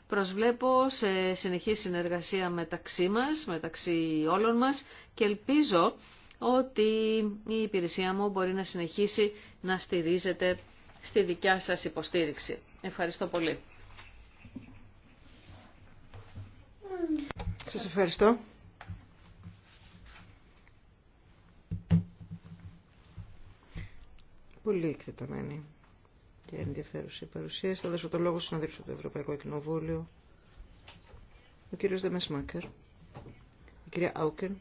Προσβλέπω σε συνεχή συνεργασία μεταξύ μας, μεταξύ όλων μας και ελπίζω ότι η υπηρεσία μου μπορεί να συνεχίσει να στηρίζεται στη δικιά σας υποστήριξη. Ευχαριστώ πολύ. Σας ευχαριστώ. Πολύ εκτεταμένη και ενδιαφέρουσα η παρουσίαση. Θα δώσω το λόγο στον του Ευρωπαϊκό Κοινοβούλιο. Ο κύριος Δεμεσμάκερ, η κυρία Άουκεν,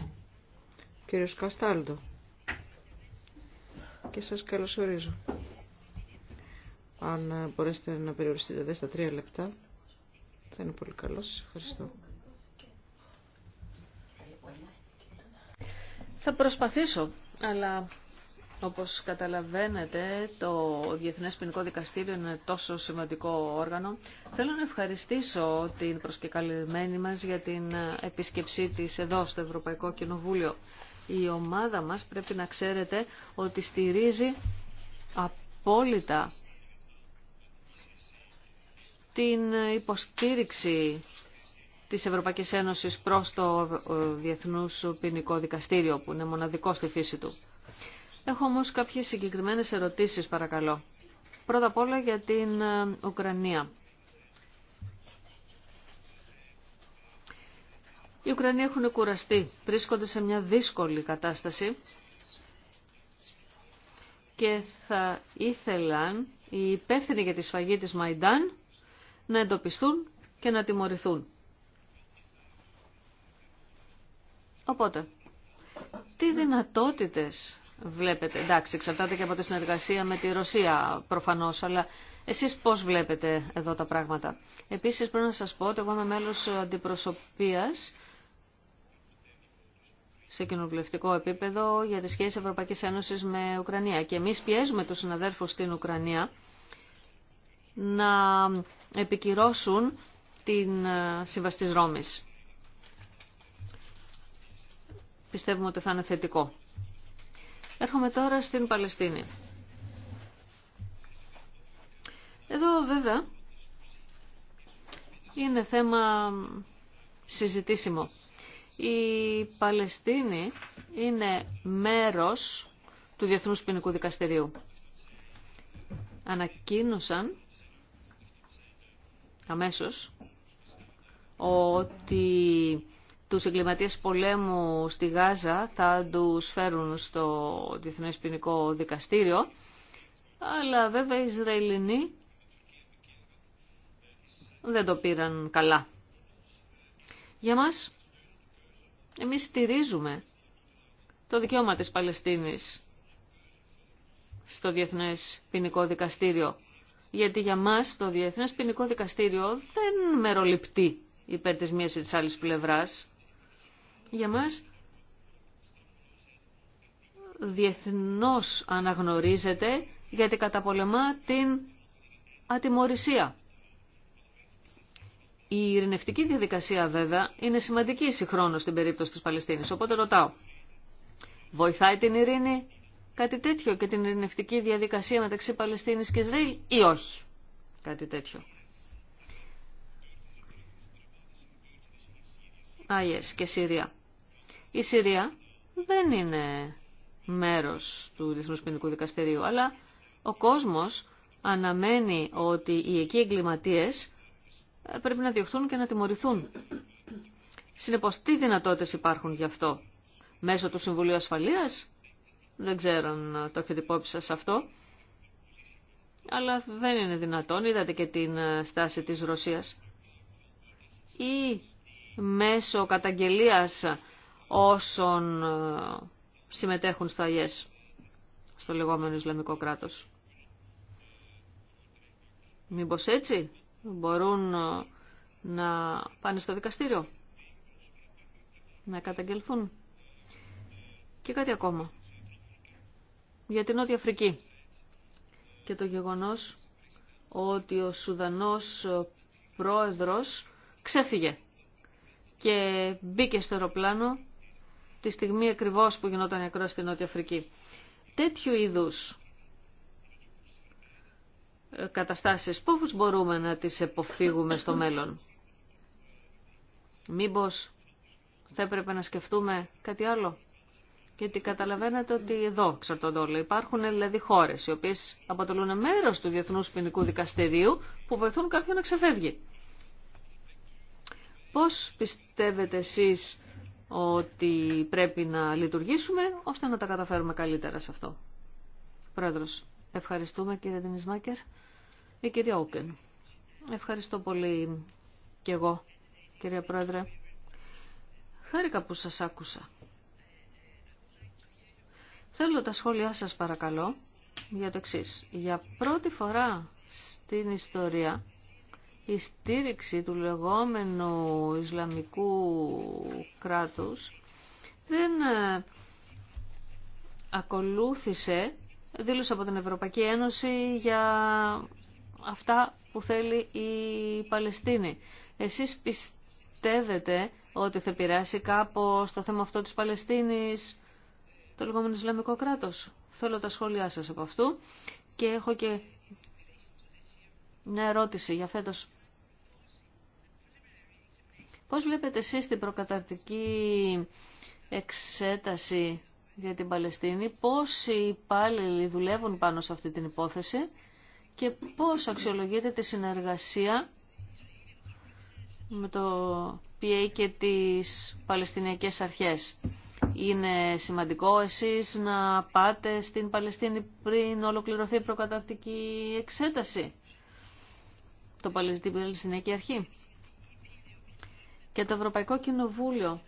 ο κύριος Καστάλντο. Και σας καλωσορίζω. Αν μπορέσετε να περιοριστείτε στα τρία λεπτά, θα είναι πολύ καλό. ευχαριστώ. Θα προσπαθήσω, αλλά όπως καταλαβαίνετε το Διεθνές Ποινικό Δικαστήριο είναι τόσο σημαντικό όργανο. Θέλω να ευχαριστήσω την προσκεκαλυμένη μας για την επίσκεψή της εδώ στο Ευρωπαϊκό Κοινοβούλιο. Η ομάδα μας πρέπει να ξέρετε ότι στηρίζει απόλυτα την υποστήριξη της Ευρωπαϊκής Ένωσης προς το ε, Διεθνούς Ποινικό Δικαστήριο που είναι μοναδικό στη φύση του. Έχω όμω κάποιες συγκεκριμένες ερωτήσεις παρακαλώ. Πρώτα απ' όλα για την ε, Ουκρανία. Οι Ουκρανοί έχουν κουραστεί, βρίσκονται σε μια δύσκολη κατάσταση και θα ήθελαν οι υπεύθυνοι για τη σφαγή της Μαϊντάν να εντοπιστούν και να τιμωρηθούν. Οπότε, τι δυνατότητες βλέπετε, εντάξει, εξαρτάται και από τη συνεργασία με τη Ρωσία προφανώς, αλλά εσείς πώς βλέπετε εδώ τα πράγματα. Επίσης πρέπει να σας πω ότι εγώ είμαι μέλος αντιπροσωπείας σε κοινοβουλευτικό επίπεδο για τις σχέσεις Ευρωπαϊκής Ένωσης με Ουκρανία. Και εμείς πιέζουμε τους συναδέρφους στην Ουκρανία να επικυρώσουν την ε, Σύμβαση της Ρώμης. Πιστεύουμε ότι θα είναι θετικό. Έρχομαι τώρα στην Παλαιστίνη. Εδώ βέβαια είναι θέμα συζητήσιμο. Η Παλαιστίνη είναι μέρος του Διεθνούς Ποινικού Δικαστηρίου. Ανακοίνωσαν αμέσως ότι τους εγκληματίες πολέμου στη Γάζα θα τους φέρουν στο Διεθνές Ποινικό Δικαστήριο, αλλά βέβαια οι Ισραηλινοί δεν το πήραν καλά. Για μας, εμείς στηρίζουμε το δικαίωμα της Παλαιστίνης στο Διεθνές Ποινικό Δικαστήριο γιατί για μας το Διεθνές Ποινικό Δικαστήριο δεν μεροληπτεί υπέρ της μίας ή της άλλης πλευράς. Για μας διεθνώς αναγνωρίζεται γιατί καταπολεμά την ατιμορρησία. Η ειρηνευτική διαδικασία βέβαια είναι σημαντική συγχρόνως στην περίπτωση της Παλαιστίνης, οπότε ρωτάω. Βοηθάει την ειρήνη κάτι τέτοιο και την ειρηνευτική διαδικασία μεταξύ Παλαιστίνης και Ισραήλ ή όχι κάτι τέτοιο. Άγιες και Συρία. Η Συρία δεν είναι μέρος του Διεθνούς Ποινικού Δικαστηρίου, αλλά ο κόσμος αναμένει ότι οι εκεί εγκληματίες ε, πρέπει να διωχθούν και να τιμωρηθούν. Συνεπώς, τι δυνατότητες υπάρχουν γι' αυτό. Μέσω του Συμβουλίου Ασφαλείας, δεν ξέρω αν το έχετε υπόψη σας αυτό. Αλλά δεν είναι δυνατόν. Είδατε και την ε, στάση της Ρωσίας. Ή μέσω καταγγελίας όσων ε, συμμετέχουν στο ΑΙΕΣ, στο λεγόμενο Ισλαμικό κράτος. Μήπως έτσι μπορούν ε, να πάνε στο δικαστήριο, να καταγγελθούν. Και κάτι ακόμα για την Νότια Αφρική και το γεγονός ότι ο Σουδανός πρόεδρος ξέφυγε και μπήκε στο αεροπλάνο τη στιγμή ακριβώς που γινόταν η ακρόαση στη Νότια Αφρική. Τέτοιου είδους ε, καταστάσεις πώς μπορούμε να τις εποφύγουμε στο μέλλον. Μήπως θα έπρεπε να σκεφτούμε κάτι άλλο. Γιατί καταλαβαίνετε ότι εδώ τον όλα. Υπάρχουν δηλαδή χώρε οι οποίε αποτελούν μέρο του Διεθνού Ποινικού Δικαστηρίου που βοηθούν κάποιον να ξεφεύγει. Πώ πιστεύετε εσεί ότι πρέπει να λειτουργήσουμε ώστε να τα καταφέρουμε καλύτερα σε αυτό. Πρόεδρος, ευχαριστούμε κύριε Δενισμάκερ. Η κυρία Όκεν. Ευχαριστώ πολύ και εγώ, κυρία Πρόεδρε. Χάρηκα που σας άκουσα. Θέλω τα σχόλιά σας παρακαλώ για το εξή. Για πρώτη φορά στην ιστορία η στήριξη του λεγόμενου Ισλαμικού κράτους δεν ε, ακολούθησε δήλωση από την Ευρωπαϊκή Ένωση για αυτά που θέλει η Παλαιστίνη. Εσείς πιστεύετε ότι θα επηρεάσει κάπως το θέμα αυτό της Παλαιστίνης το λεγόμενο Ισλαμικό κράτο. Θέλω τα σχόλιά σας από αυτού και έχω και μια ερώτηση για φέτος. Πώς βλέπετε εσείς την προκαταρτική εξέταση για την Παλαιστίνη, πόσοι υπάλληλοι δουλεύουν πάνω σε αυτή την υπόθεση και πώς αξιολογείται τη συνεργασία με το ΠΙΕ και τις Παλαιστινιακές Αρχές είναι σημαντικό εσείς να πάτε στην Παλαιστίνη πριν ολοκληρωθεί η προκατακτική εξέταση. Το Παλαιστινιακή Αρχή. Και το Ευρωπαϊκό Κοινοβούλιο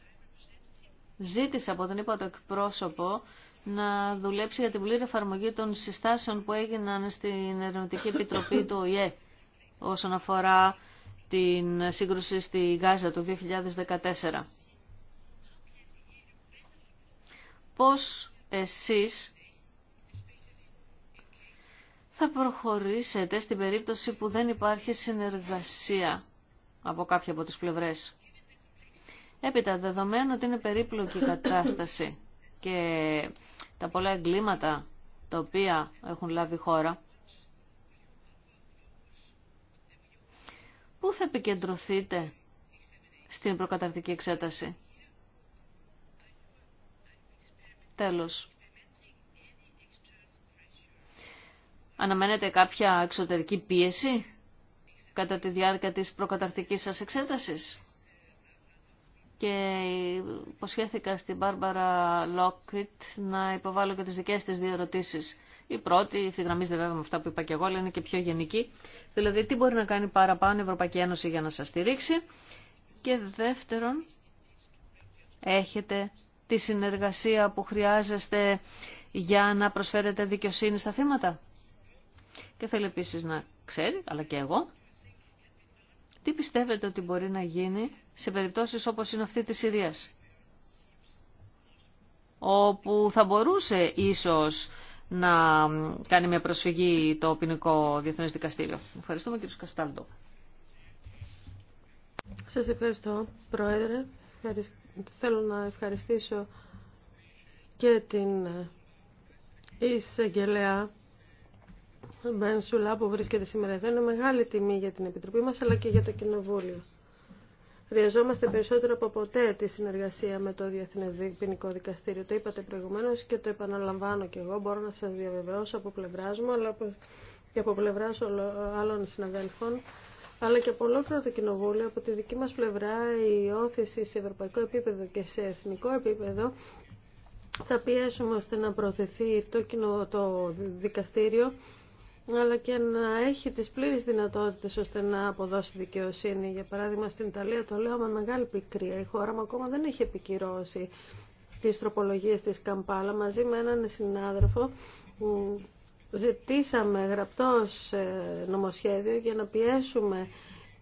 ζήτησε από τον είπα εκπρόσωπο να δουλέψει για την πλήρη εφαρμογή των συστάσεων που έγιναν στην Ερευνητική Επιτροπή του ΟΗΕ όσον αφορά την σύγκρουση στη Γάζα του 2014. πώς εσείς θα προχωρήσετε στην περίπτωση που δεν υπάρχει συνεργασία από κάποια από τις πλευρές. Έπειτα, δεδομένου ότι είναι περίπλοκη η κατάσταση και τα πολλά εγκλήματα τα οποία έχουν λάβει χώρα, πού θα επικεντρωθείτε στην προκαταρτική εξέταση. Τέλος. αναμένετε κάποια εξωτερική πίεση κατά τη διάρκεια της προκαταρτικής σας εξέτασης. Και υποσχέθηκα στην Μπάρμπαρα Λόκκριτ να υποβάλω και τις δικές της δύο ερωτήσεις. Η πρώτη, ευθυγραμμίζεται βέβαια με αυτά που είπα και εγώ, αλλά είναι και πιο γενική. Δηλαδή, τι μπορεί να κάνει παραπάνω η Ευρωπαϊκή Ένωση για να σας στηρίξει. Και δεύτερον, έχετε τη συνεργασία που χρειάζεστε για να προσφέρετε δικαιοσύνη στα θύματα. Και θέλει επίσης να ξέρει, αλλά και εγώ, τι πιστεύετε ότι μπορεί να γίνει σε περιπτώσεις όπως είναι αυτή της Συρίας. Όπου θα μπορούσε ίσως να κάνει μια προσφυγή το ποινικό διεθνές δικαστήριο. Ευχαριστούμε κύριο Καστάλντο. Σας ευχαριστώ, Πρόεδρε. Ευχαριστώ Θέλω να ευχαριστήσω και την εισαγγελέα Μπεν που βρίσκεται σήμερα εδώ. Είναι μεγάλη τιμή για την Επιτροπή μας αλλά και για το Κοινοβούλιο. Χρειαζόμαστε περισσότερο από ποτέ τη συνεργασία με το Διεθνέ Ποινικό Δικαστήριο. Το είπατε προηγουμένω και το επαναλαμβάνω και εγώ. Μπορώ να σα διαβεβαιώσω από πλευρά μου αλλά και από πλευρά άλλων συναδέλφων αλλά και από ολόκληρο το Κοινοβούλιο, από τη δική μας πλευρά, η όθηση σε ευρωπαϊκό επίπεδο και σε εθνικό επίπεδο θα πιέσουμε ώστε να προωθηθεί το, κοινο, το δικαστήριο αλλά και να έχει τις πλήρες δυνατότητες ώστε να αποδώσει δικαιοσύνη. Για παράδειγμα στην Ιταλία το λέω με μεγάλη πικρία. Η χώρα μου ακόμα δεν έχει επικυρώσει τις τροπολογίες της Καμπάλα μαζί με έναν συνάδελφο ζητήσαμε γραπτός ε, νομοσχέδιο για να πιέσουμε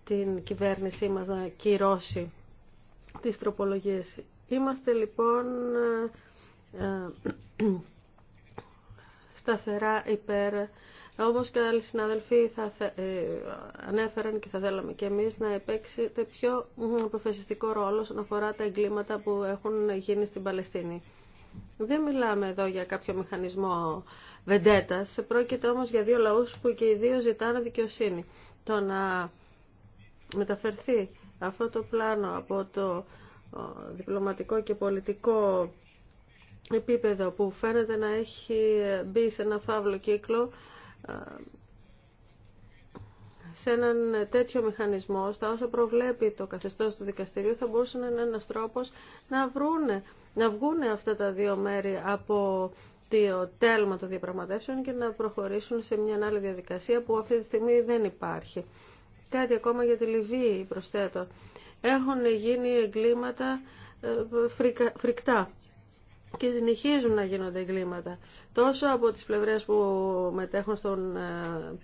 την κυβέρνησή μας να κυρώσει τις τροπολογίες. Είμαστε λοιπόν ε, ε, σταθερά υπέρ. Όμως και άλλοι συναδελφοί θα, ανέφεραν και θα θέλαμε και εμείς να επέξετε πιο αποφασιστικό ρόλο όσον αφορά τα εγκλήματα που έχουν γίνει στην Παλαιστίνη. Δεν μιλάμε εδώ για κάποιο μηχανισμό Βεντέτας. Πρόκειται όμως για δύο λαούς που και οι δύο ζητάνε δικαιοσύνη. Το να μεταφερθεί αυτό το πλάνο από το διπλωματικό και πολιτικό επίπεδο που φαίνεται να έχει μπει σε ένα φαύλο κύκλο σε έναν τέτοιο μηχανισμό, στα όσα προβλέπει το καθεστώς του δικαστηρίου, θα μπορούσε να είναι ένας τρόπος να, βρούνε, να βγούνε αυτά τα δύο μέρη από το τέλμα των διαπραγματεύσεων και να προχωρήσουν σε μια άλλη διαδικασία που αυτή τη στιγμή δεν υπάρχει. Κάτι ακόμα για τη Λιβύη προσθέτω. Έχουν γίνει εγκλήματα ε, φρικτά και συνεχίζουν να γίνονται εγκλήματα. Τόσο από τις πλευρές που μετέχουν στον ε,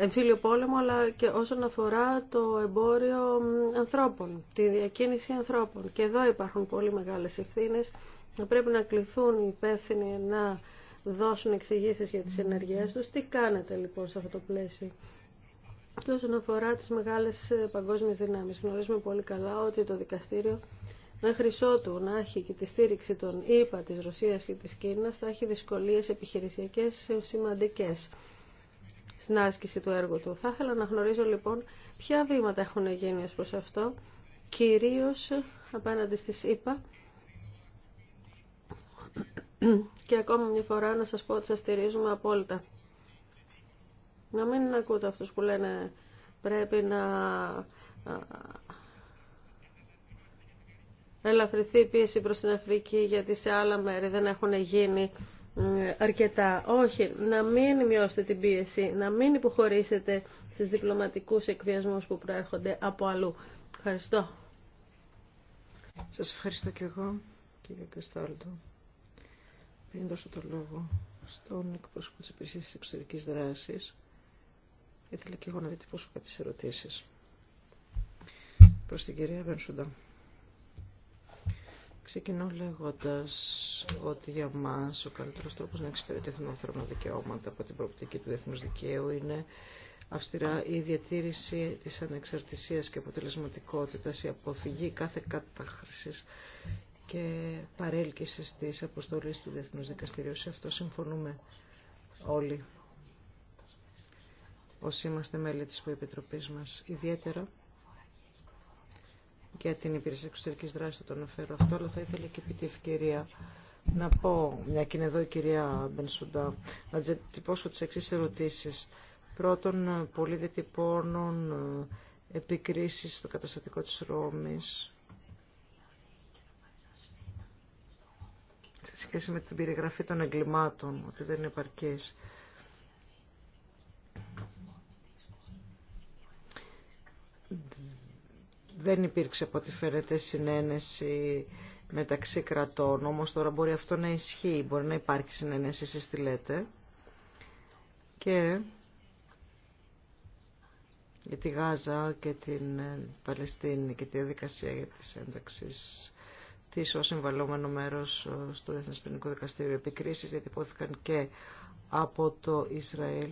εμφύλιο πόλεμο, αλλά και όσον αφορά το εμπόριο ανθρώπων, τη διακίνηση ανθρώπων. Και εδώ υπάρχουν πολύ μεγάλες ευθύνες πρέπει να κληθούν οι υπεύθυνοι να δώσουν εξηγήσεις για τις ενεργειές τους. Τι κάνετε λοιπόν σε αυτό το πλαίσιο. Και όσον αφορά τις μεγάλες ε, παγκόσμιες δυνάμεις, γνωρίζουμε πολύ καλά ότι το δικαστήριο μέχρι ότου να έχει και τη στήριξη των ΗΠΑ, της Ρωσίας και της Κίνας, θα έχει δυσκολίες επιχειρησιακές σημαντικές στην άσκηση του έργου του. Θα ήθελα να γνωρίζω λοιπόν ποια βήματα έχουν γίνει ως προς αυτό, κυρίως απέναντι στις ΗΠΑ, και ακόμη μια φορά να σας πω ότι σας στηρίζουμε απόλυτα. Να μην ακούτε αυτούς που λένε πρέπει να ελαφριθεί η πίεση προς την Αφρική γιατί σε άλλα μέρη δεν έχουν γίνει αρκετά. Όχι, να μην μειώσετε την πίεση, να μην υποχωρήσετε στις διπλωματικούς εκβιασμούς που προέρχονται από αλλού. Ευχαριστώ. Σας ευχαριστώ και εγώ, κύριε Κριστόλτο. Πριν δώσω το λόγο στον εκπρόσωπο της υπηρεσίας της εξωτερικής δράσης, ήθελα και εγώ να διατυπώσω κάποιες ερωτήσεις προς την κυρία Βενσούντα. Ξεκινώ λέγοντα ότι για μα ο καλύτερο τρόπο να εξυπηρετηθούν ανθρώπινα δικαιώματα από την προοπτική του διεθνού δικαίου είναι αυστηρά η διατήρηση της ανεξαρτησίας και αποτελεσματικότητα η αποφυγή κάθε κατάχρησης και παρέλκυσης της αποστολής του Διεθνούς Δικαστηρίου. Σε αυτό συμφωνούμε όλοι όσοι είμαστε μέλη της Επιτροπής μας. Ιδιαίτερα για την υπηρεσία εξωτερική δράση θα το αναφέρω αυτό, αλλά θα ήθελα και επί τη ευκαιρία να πω, μια και είναι εδώ η κυρία Μπενσουντά, να τυπώσω τι εξή ερωτήσεις. Πρώτον, πολύ διατυπώνων ε, επικρίσεις στο καταστατικό της Ρώμης, σε σχέση με την περιγραφή των εγκλημάτων, ότι δεν είναι Δεν υπήρξε από ό,τι φαίνεται συνένεση μεταξύ κρατών, όμως τώρα μπορεί αυτό να ισχύει, μπορεί να υπάρχει συνένεση, εσείς τη λέτε. Και για τη Γάζα και την Παλαιστίνη και τη διαδικασία για τις ένταξεις της ως συμβαλόμενο μέρος ε, στο Διεθνές Ποινικό Δικαστήριο. Επικρίσεις διατυπώθηκαν και από το Ισραήλ.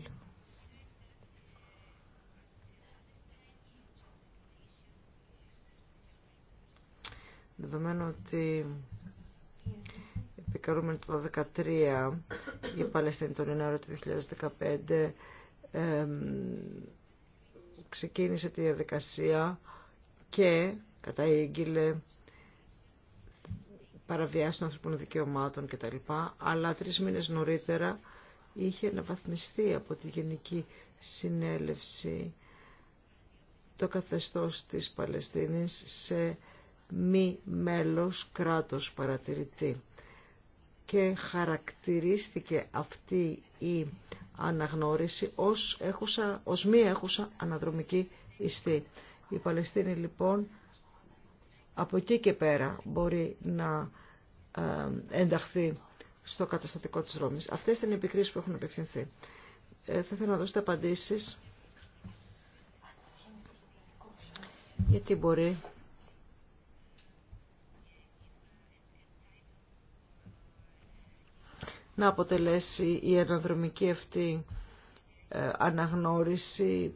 Δεδομένου ότι επικαλούμενο το 2013 η Παλαιστίνη τον Ιανουάριο του 2015 ξεκίνησε τη διαδικασία και καταήγγειλε παραβιάσει των ανθρωπίνων δικαιωμάτων κτλ. Αλλά τρεις μήνες νωρίτερα είχε αναβαθμιστεί από τη Γενική Συνέλευση το καθεστώς της Παλαιστίνης σε μη μέλος κράτος παρατηρητή. Και χαρακτηρίστηκε αυτή η αναγνώριση ως, έχουσα, ως μη έχουσα αναδρομική ιστή. Η Παλαιστίνη λοιπόν από εκεί και πέρα μπορεί να ε, ενταχθεί στο καταστατικό της Ρώμης. Αυτές είναι οι επικρίσεις που έχουν απευθυνθεί. Ε, θα ήθελα να δώσετε απαντήσεις. Γιατί μπορεί να αποτελέσει η αναδρομική αυτή ε, αναγνώριση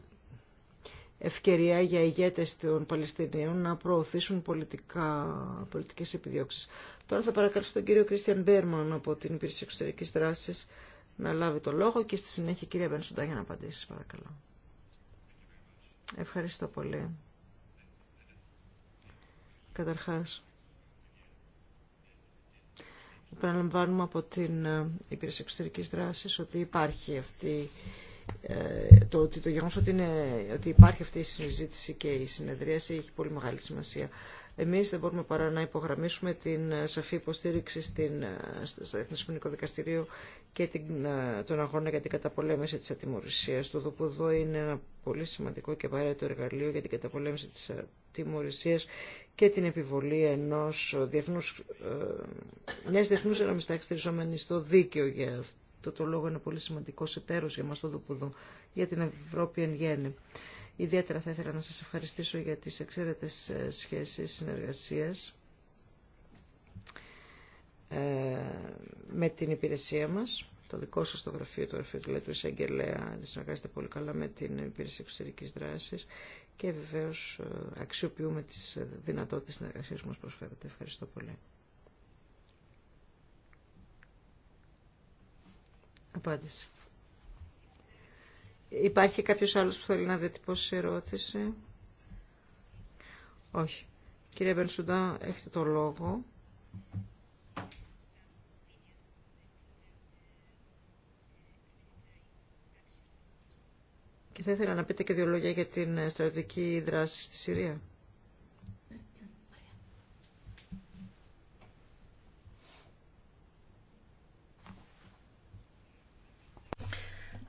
ευκαιρία για ηγέτες των Παλαιστινίων να προωθήσουν πολιτικά, πολιτικές επιδιώξεις. Τώρα θα παρακαλώ τον κύριο Κρίστιαν Μπέρμαν από την Υπηρεσία Εξωτερικής Δράσης να λάβει το λόγο και στη συνέχεια κυρία Μπενσοντά για να απαντήσει παρακαλώ. Ευχαριστώ πολύ. Καταρχάς, επαναλαμβάνουμε από την ε, Υπηρεσία Εξωτερικής Δράσης ότι υπάρχει αυτή ε, το ότι το γεγονός ότι, ότι υπάρχει αυτή η συζήτηση και η συνεδρίαση έχει πολύ μεγάλη σημασία. Εμείς δεν μπορούμε παρά να υπογραμμίσουμε την ε, σαφή υποστήριξη στην, ε, στο Εθνικό Δικαστηρίο και την, τον αγώνα για την καταπολέμηση της ατιμορρησίας. Το ΔΟΠΟΔΟ είναι ένα πολύ σημαντικό και απαραίτητο εργαλείο για την καταπολέμηση της ατιμορρησίας και την επιβολή ενός διεθνούς, ε, μιας διεθνούς στο δίκαιο για αυτό το, το λόγο είναι πολύ σημαντικό σε εταίρο για μα το δοπουδό, για την Ευρώπη εν γέννη. Ιδιαίτερα θα ήθελα να σας ευχαριστήσω για τις εξαίρετες ε, σχέσεις συνεργασίας ε, με την υπηρεσία μας. Το δικό σας το γραφείο, το γραφείο του Λέτου Εισαγγελέα, συνεργάζεται πολύ καλά με την υπηρεσία εξωτερικής δράσης και βεβαίως ε, αξιοποιούμε τις δυνατότητες συνεργασίας που μας προσφέρετε. Ευχαριστώ πολύ. Απάντηση. Υπάρχει κάποιος άλλος που θέλει να διατυπώσει ερώτηση. Όχι. Κύριε Μπενσουντά, έχετε το λόγο. Και θα ήθελα να πείτε και δύο λόγια για την στρατιωτική δράση στη Συρία.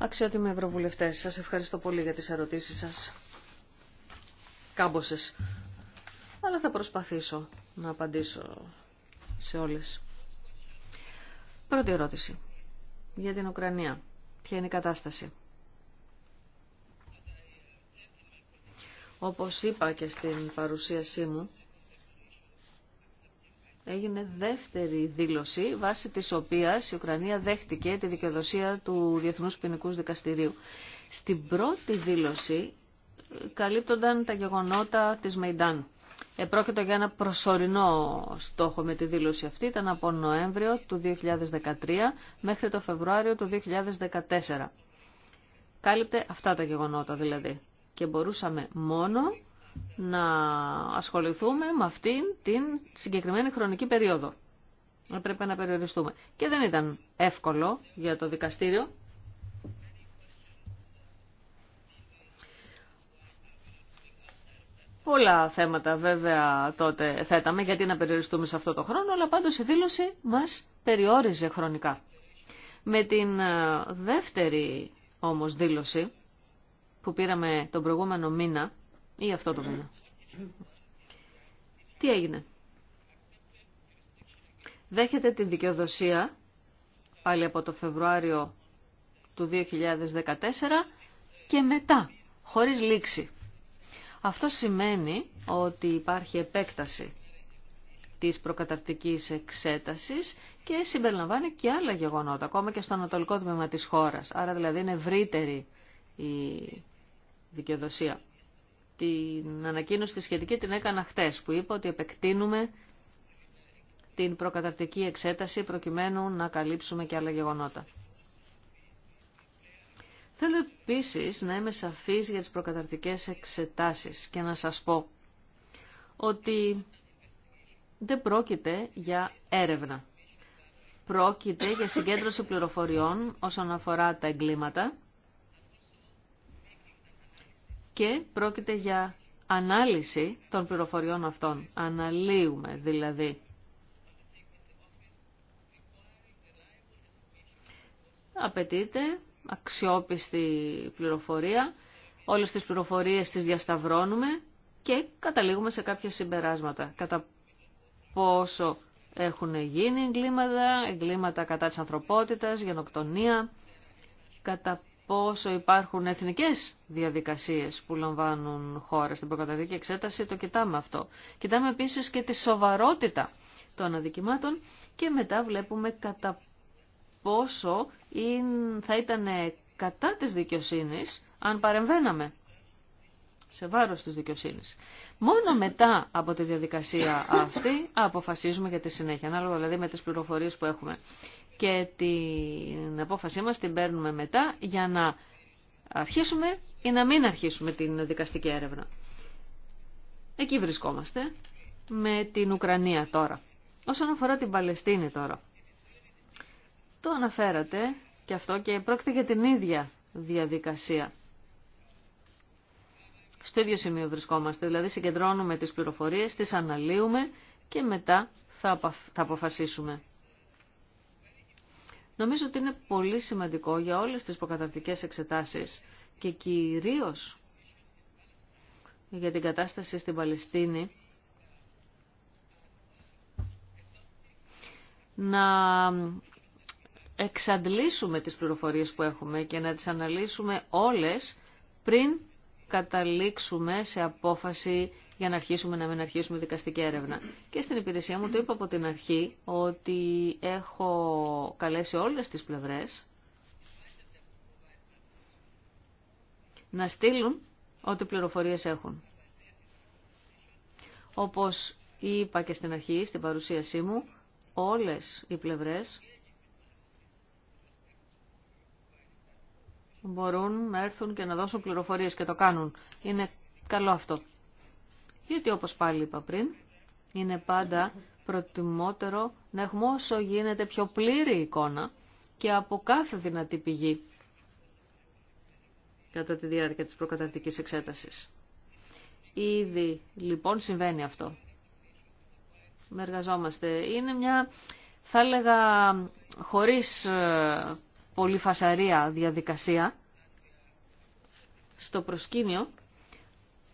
Αξιότιμοι ευρωβουλευτέ, σας ευχαριστώ πολύ για τις ερωτήσει σας. Κάμποσε, Αλλά θα προσπαθήσω να απαντήσω σε όλες. Πρώτη ερώτηση. Για την Ουκρανία. Ποια είναι η κατάσταση. Όπως είπα και στην παρουσίασή μου, έγινε δεύτερη δήλωση βάσει της οποίας η Ουκρανία δέχτηκε τη δικαιοδοσία του Διεθνούς Ποινικού Δικαστηρίου. Στην πρώτη δήλωση ε, καλύπτονταν τα γεγονότα της Μεϊντάν. Επρόκειτο για ένα προσωρινό στόχο με τη δήλωση αυτή ήταν από Νοέμβριο του 2013 μέχρι το Φεβρουάριο του 2014. Κάλυπτε αυτά τα γεγονότα δηλαδή και μπορούσαμε μόνο να ασχοληθούμε με αυτήν την συγκεκριμένη χρονική περίοδο. Πρέπει να περιοριστούμε. Και δεν ήταν εύκολο για το δικαστήριο. Πολλά θέματα βέβαια τότε θέταμε γιατί να περιοριστούμε σε αυτό το χρόνο, αλλά πάντως η δήλωση μας περιόριζε χρονικά. Με την ε, δεύτερη όμως δήλωση που πήραμε τον προηγούμενο μήνα, ή αυτό το μήνα. Τι έγινε. Δέχεται την δικαιοδοσία πάλι από το Φεβρουάριο του 2014 και μετά, χωρίς λήξη. Αυτό σημαίνει ότι υπάρχει επέκταση της προκαταρτικής εξέτασης και συμπεριλαμβάνει και άλλα γεγονότα, ακόμα και στο ανατολικό τμήμα της χώρας. Άρα δηλαδή είναι ευρύτερη η δικαιοδοσία την ανακοίνωση τη σχετική την έκανα χτες που είπα ότι επεκτείνουμε την προκαταρτική εξέταση προκειμένου να καλύψουμε και άλλα γεγονότα. Θέλω επίσης να είμαι σαφής για τις προκαταρτικές εξετάσεις και να σας πω ότι δεν πρόκειται για έρευνα. Πρόκειται για συγκέντρωση πληροφοριών όσον αφορά τα εγκλήματα και πρόκειται για ανάλυση των πληροφοριών αυτών. Αναλύουμε δηλαδή. Απαιτείται αξιόπιστη πληροφορία, όλες τις πληροφορίες τις διασταυρώνουμε και καταλήγουμε σε κάποια συμπεράσματα. Κατά πόσο έχουν γίνει εγκλήματα, εγκλήματα κατά της ανθρωπότητας, γενοκτονία, κατά πόσο υπάρχουν εθνικές διαδικασίες που λαμβάνουν χώρα στην προκαταδική εξέταση, το κοιτάμε αυτό. Κοιτάμε επίσης και τη σοβαρότητα των αδικημάτων και μετά βλέπουμε κατά πόσο θα ήταν κατά της δικαιοσύνης αν παρεμβαίναμε σε βάρος της δικαιοσύνης. Μόνο μετά από τη διαδικασία αυτή αποφασίζουμε για τη συνέχεια, ανάλογα δηλαδή με τις πληροφορίες που έχουμε και την απόφασή μας την παίρνουμε μετά για να αρχίσουμε ή να μην αρχίσουμε την δικαστική έρευνα. Εκεί βρισκόμαστε με την Ουκρανία τώρα. Όσον αφορά την Παλαιστίνη τώρα, το αναφέρατε και αυτό και πρόκειται για την ίδια διαδικασία. Στο ίδιο σημείο βρισκόμαστε, δηλαδή συγκεντρώνουμε τις πληροφορίες, τις αναλύουμε και μετά θα αποφασίσουμε. Νομίζω ότι είναι πολύ σημαντικό για όλες τις προκαταρτικές εξετάσεις και κυρίως για την κατάσταση στην Παλαιστίνη να εξαντλήσουμε τις πληροφορίες που έχουμε και να τις αναλύσουμε όλες πριν καταλήξουμε σε απόφαση για να αρχίσουμε να μην αρχίσουμε δικαστική έρευνα. Και στην υπηρεσία μου το είπα από την αρχή ότι έχω καλέσει όλες τις πλευρές να στείλουν ό,τι πληροφορίες έχουν. Όπως είπα και στην αρχή, στην παρουσίασή μου, όλες οι πλευρές μπορούν να έρθουν και να δώσουν πληροφορίες και το κάνουν. Είναι καλό αυτό γιατί όπως πάλι είπα πριν, είναι πάντα προτιμότερο να έχουμε όσο γίνεται πιο πλήρη εικόνα και από κάθε δυνατή πηγή κατά τη διάρκεια της προκαταρτικής εξέτασης. Ήδη λοιπόν συμβαίνει αυτό. Με εργαζόμαστε. Είναι μια, θα έλεγα, χωρίς ε, φασαρία διαδικασία στο προσκήνιο,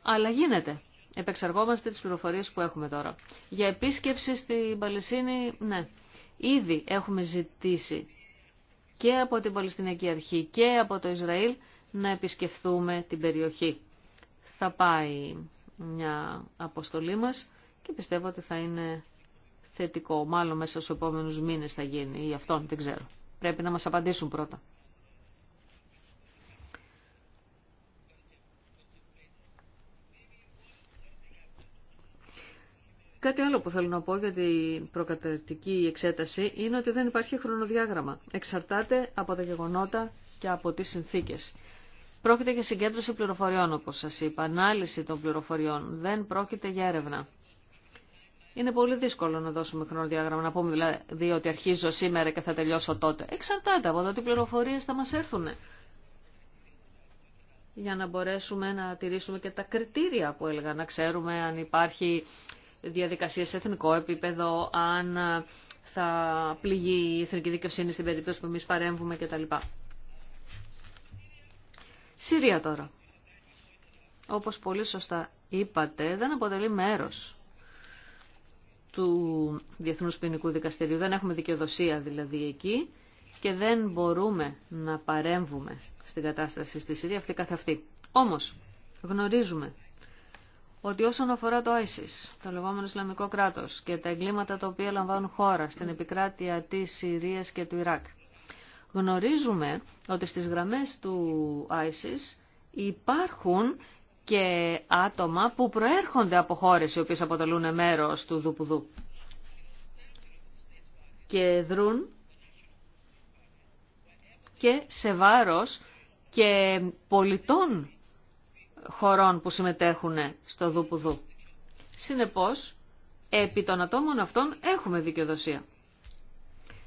αλλά γίνεται επεξεργόμαστε τις πληροφορίες που έχουμε τώρα. Για επίσκεψη στην Παλαισίνη, ναι, ήδη έχουμε ζητήσει και από την Παλαιστινιακή Αρχή και από το Ισραήλ να επισκεφθούμε την περιοχή. Θα πάει μια αποστολή μας και πιστεύω ότι θα είναι θετικό. Μάλλον μέσα στους επόμενους μήνες θα γίνει ή αυτόν, δεν ξέρω. Πρέπει να μας απαντήσουν πρώτα. Κάτι άλλο που θέλω να πω για την προκαταρκτική εξέταση είναι ότι δεν υπάρχει χρονοδιάγραμμα. Εξαρτάται από τα γεγονότα και από τις συνθήκες. Πρόκειται για συγκέντρωση πληροφοριών, όπως σας είπα, ανάλυση των πληροφοριών. Δεν πρόκειται για έρευνα. Είναι πολύ δύσκολο να δώσουμε χρονοδιάγραμμα, να πούμε δηλαδή ότι αρχίζω σήμερα και θα τελειώσω τότε. Εξαρτάται από το τι πληροφορίες θα μας έρθουν για να μπορέσουμε να τηρήσουμε και τα κριτήρια που έλεγα, να ξέρουμε αν υπάρχει διαδικασίες σε εθνικό επίπεδο, αν ε, θα πληγεί η εθνική δικαιοσύνη στην περίπτωση που εμείς παρέμβουμε κτλ. Συρία τώρα. Όπως πολύ σωστά είπατε, δεν αποτελεί μέρος του Διεθνούς Ποινικού Δικαστηρίου. Δεν έχουμε δικαιοδοσία δηλαδή εκεί και δεν μπορούμε να παρέμβουμε στην κατάσταση στη Συρία αυτή καθ' αυτή. Όμως γνωρίζουμε ότι όσον αφορά το ISIS, το λεγόμενο Ισλαμικό κράτος και τα εγκλήματα τα οποία λαμβάνουν χώρα στην επικράτεια της Συρίας και του Ιράκ, γνωρίζουμε ότι στις γραμμές του ISIS υπάρχουν και άτομα που προέρχονται από χώρες οι οποίες αποτελούν μέρο του Δουπουδού και δρούν και σε βάρος και πολιτών χωρών που συμμετέχουν στο ΔΟΠΟΔΟ. Συνεπώς, επί των ατόμων αυτών έχουμε δικαιοδοσία.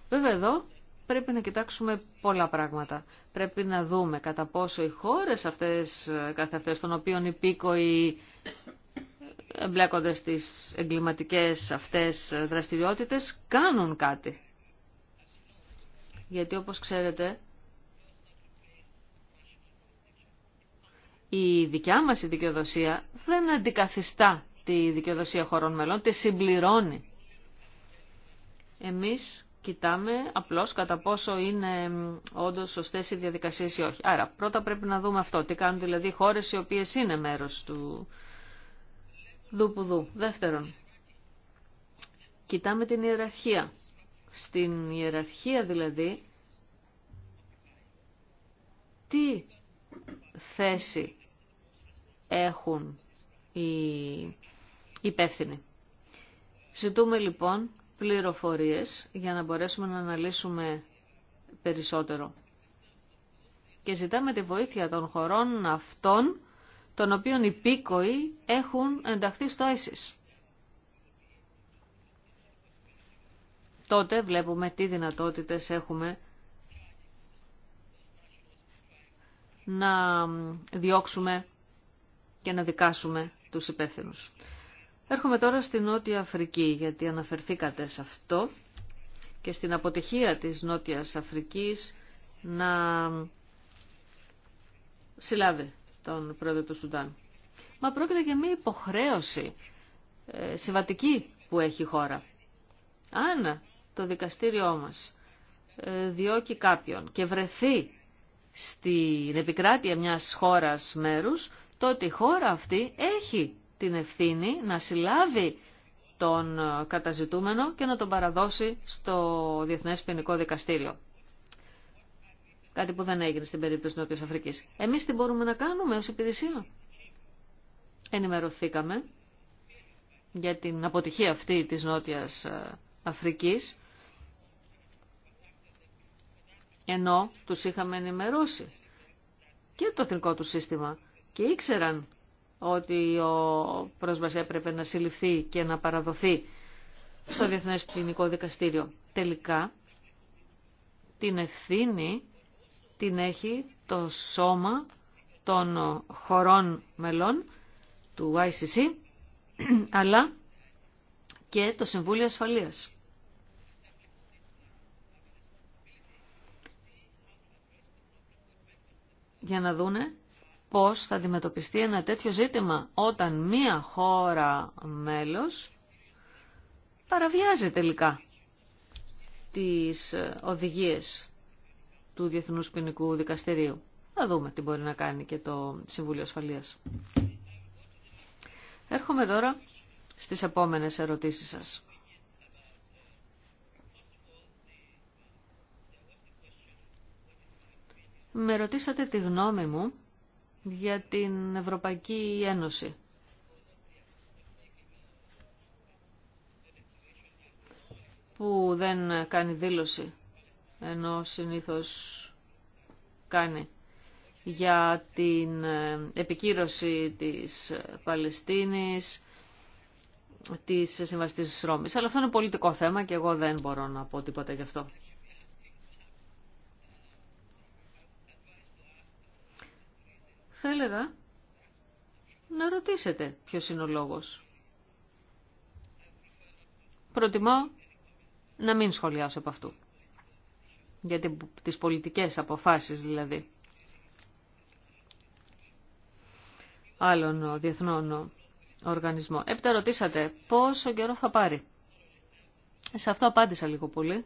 Βέβαια εδώ πρέπει να κοιτάξουμε πολλά πράγματα. Πρέπει να δούμε κατά πόσο οι χώρες αυτές, κάθε αυτές των οποίων οι εμπλέκονται στις εγκληματικές αυτές δραστηριότητες, κάνουν κάτι. Γιατί όπως ξέρετε, η δικιά μας η δικαιοδοσία δεν αντικαθιστά τη δικαιοδοσία χωρών μελών, τη συμπληρώνει. Εμείς κοιτάμε απλώς κατά πόσο είναι όντως σωστές οι διαδικασίες ή όχι. Άρα πρώτα πρέπει να δούμε αυτό, τι κάνουν δηλαδή χώρες οι οποίες είναι μέρος του δουπουδού. Δεύτερον, κοιτάμε την ιεραρχία. Στην ιεραρχία δηλαδή, τι θέση έχουν οι υπεύθυνοι. Ζητούμε λοιπόν πληροφορίες για να μπορέσουμε να αναλύσουμε περισσότερο. Και ζητάμε τη βοήθεια των χωρών αυτών, των οποίων οι πίκοοι έχουν ενταχθεί στο έσις. Τότε βλέπουμε τι δυνατότητες έχουμε να διώξουμε και να δικάσουμε τους υπεύθυνους. Έρχομαι τώρα στη Νότια Αφρική, γιατί αναφερθήκατε σε αυτό και στην αποτυχία της Νότιας Αφρικής να συλλάβει τον πρόεδρο του Σουντάν. Μα πρόκειται για μια υποχρέωση ε, συμβατική που έχει η χώρα. Αν το δικαστήριό μας ε, διώκει κάποιον και βρεθεί στην επικράτεια μιας χώρας μέρους, το ότι η χώρα αυτή έχει την ευθύνη να συλλάβει τον ε, καταζητούμενο και να τον παραδώσει στο Διεθνές Ποινικό Δικαστήριο. Κάτι που δεν έγινε στην περίπτωση Νότιας Αφρικής. Εμείς τι μπορούμε να κάνουμε ως υπηρεσία. Ενημερωθήκαμε για την αποτυχία αυτή της Νότιας ε, Αφρικής, ενώ τους είχαμε ενημερώσει και το εθνικό του σύστημα και ήξεραν ότι ο πρόσβαση έπρεπε να συλληφθεί και να παραδοθεί στο Διεθνές Ποινικό Δικαστήριο. Τελικά, την ευθύνη την έχει το σώμα των χωρών μελών του ICC, αλλά και το Συμβούλιο Ασφαλείας. Για να δούνε πώς θα αντιμετωπιστεί ένα τέτοιο ζήτημα όταν μία χώρα μέλος παραβιάζει τελικά τις οδηγίες του Διεθνούς Ποινικού Δικαστηρίου. Θα δούμε τι μπορεί να κάνει και το Συμβούλιο Ασφαλείας. Έρχομαι τώρα στις επόμενες ερωτήσεις σας. Με ρωτήσατε τη γνώμη μου για την Ευρωπαϊκή Ένωση. που δεν κάνει δήλωση, ενώ συνήθως κάνει για την ε, επικύρωση της Παλαιστίνης, της Συμβαστής Ρώμης. Αλλά αυτό είναι πολιτικό θέμα και εγώ δεν μπορώ να πω τίποτα γι' αυτό. θα έλεγα να ρωτήσετε ποιος είναι ο λόγος. Προτιμώ να μην σχολιάσω από αυτού. Για τις πολιτικές αποφάσεις δηλαδή. Άλλον διεθνών οργανισμό. Έπειτα ρωτήσατε πόσο καιρό θα πάρει. Σε αυτό απάντησα λίγο πολύ.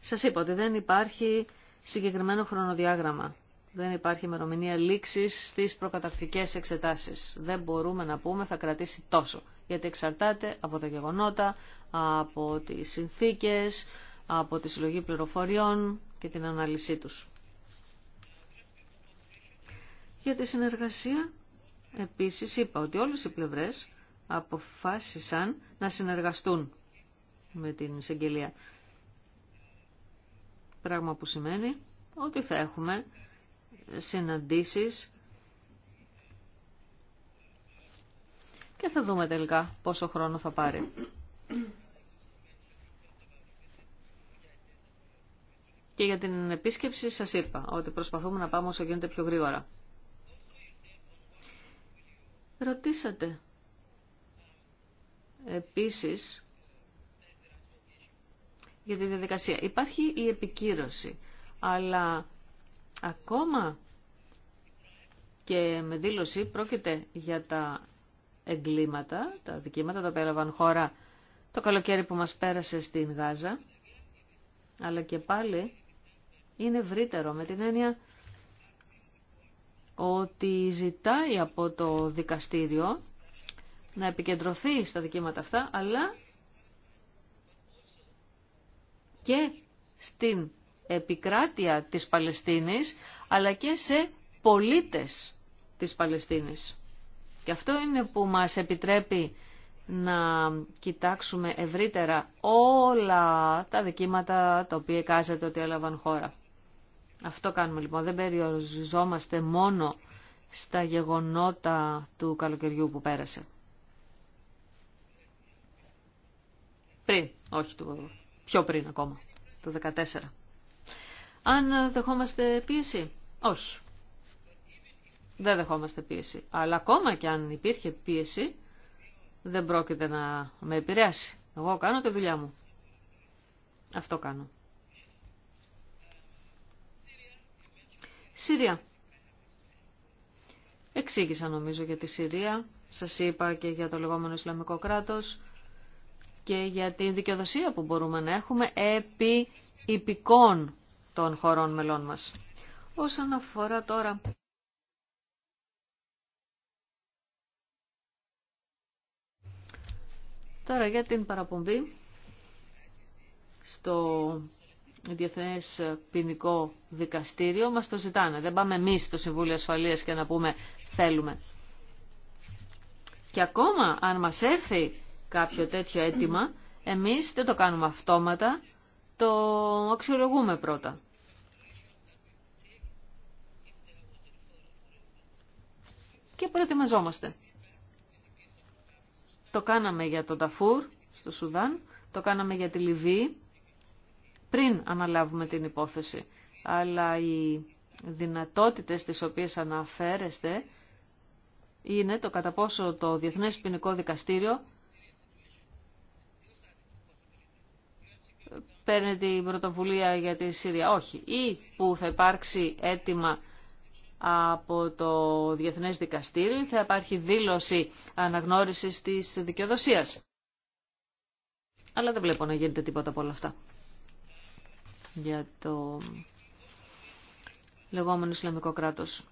Σας είπα ότι δεν υπάρχει συγκεκριμένο χρονοδιάγραμμα δεν υπάρχει ημερομηνία λήξη στι προκαταρκτικές εξετάσει. Δεν μπορούμε να πούμε θα κρατήσει τόσο. Γιατί εξαρτάται από τα γεγονότα, από τι συνθήκε, από τη συλλογή πληροφοριών και την ανάλυση του. Για τη συνεργασία, επίση είπα ότι όλε οι πλευρέ αποφάσισαν να συνεργαστούν με την εισαγγελία. Πράγμα που σημαίνει ότι θα έχουμε συναντήσεις και θα δούμε τελικά πόσο χρόνο θα πάρει. Και για την επίσκεψη σας είπα ότι προσπαθούμε να πάμε όσο γίνεται πιο γρήγορα. Ρωτήσατε επίσης για τη διαδικασία. Υπάρχει η επικύρωση, αλλά Ακόμα και με δήλωση πρόκειται για τα εγκλήματα, τα δικήματα τα οποία έλαβαν χώρα το καλοκαίρι που μας πέρασε στην Γάζα, αλλά και πάλι είναι ευρύτερο με την έννοια ότι ζητάει από το δικαστήριο να επικεντρωθεί στα δικήματα αυτά, αλλά και στην επικράτεια της Παλαιστίνης, αλλά και σε πολίτες της Παλαιστίνης. Και αυτό είναι που μας επιτρέπει να κοιτάξουμε ευρύτερα όλα τα δικήματα τα οποία κάζεται ότι έλαβαν χώρα. Αυτό κάνουμε λοιπόν. Δεν περιοριζόμαστε μόνο στα γεγονότα του καλοκαιριού που πέρασε. Πριν, όχι του, πιο πριν ακόμα, το 14. Αν δεχόμαστε πίεση, όχι. Δεν δεχόμαστε πίεση. Αλλά ακόμα και αν υπήρχε πίεση, δεν πρόκειται να με επηρεάσει. Εγώ κάνω τη δουλειά μου. Αυτό κάνω. Συρία. Εξήγησα νομίζω για τη Συρία, σας είπα και για το λεγόμενο Ισλαμικό κράτος και για την δικαιοδοσία που μπορούμε να έχουμε επί υπηκών των χωρών μελών μας. Όσον αφορά τώρα... Τώρα για την παραπομπή στο διεθνέ Ποινικό Δικαστήριο μας το ζητάνε. Δεν πάμε εμείς στο Συμβούλιο Ασφαλείας και να πούμε θέλουμε. Και ακόμα αν μας έρθει κάποιο τέτοιο αίτημα, εμείς δεν το κάνουμε αυτόματα, το αξιολογούμε πρώτα. και προετοιμαζόμαστε. Το κάναμε για τον Ταφούρ στο Σουδάν, το κάναμε για τη Λιβύη πριν αναλάβουμε την υπόθεση. Αλλά οι δυνατότητες τις οποίες αναφέρεστε είναι το κατά πόσο το Διεθνές Ποινικό Δικαστήριο παίρνει την πρωτοβουλία για τη Συρία. Όχι. Ή που θα υπάρξει αίτημα από το Διεθνές Δικαστήριο, θα υπάρχει δήλωση αναγνώρισης της δικαιοδοσίας. Αλλά δεν βλέπω να γίνεται τίποτα από όλα αυτά. Για το λεγόμενο Ισλαμικό κράτος.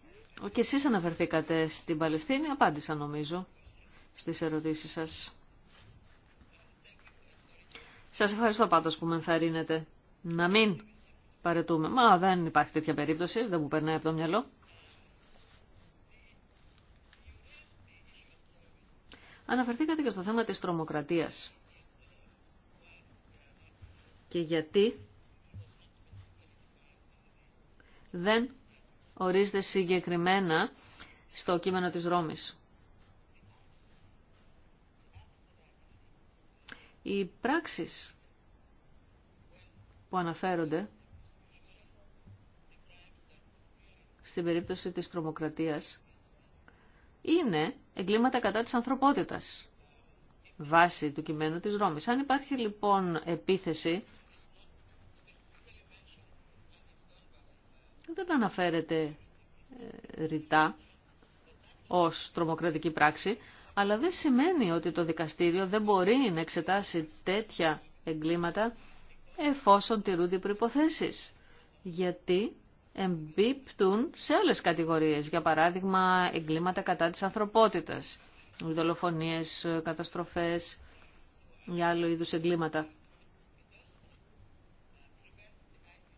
Και εσείς αναφερθήκατε στην Παλαιστίνη, απάντησα νομίζω στις ερωτήσεις σας. Σας ευχαριστώ πάντως που με ενθαρρύνετε. Να μην παρετούμε. Μα δεν υπάρχει τέτοια περίπτωση, δεν μου περνάει από το μυαλό. Αναφερθήκατε και στο θέμα της τρομοκρατίας. Και γιατί δεν ορίζεται συγκεκριμένα στο κείμενο της Ρώμης. Οι πράξεις που αναφέρονται στην περίπτωση της τρομοκρατίας είναι εγκλήματα κατά της ανθρωπότητας βάση του κειμένου της Ρώμης. Αν υπάρχει λοιπόν επίθεση, δεν αναφέρεται ε, ρητά ως τρομοκρατική πράξη, αλλά δεν σημαίνει ότι το δικαστήριο δεν μπορεί να εξετάσει τέτοια εγκλήματα εφόσον τηρούνται οι προϋποθέσεις. Γιατί εμπίπτουν σε άλλες κατηγορίες, για παράδειγμα εγκλήματα κατά της ανθρωπότητας, δολοφονίες, καταστροφές ή άλλο είδους εγκλήματα.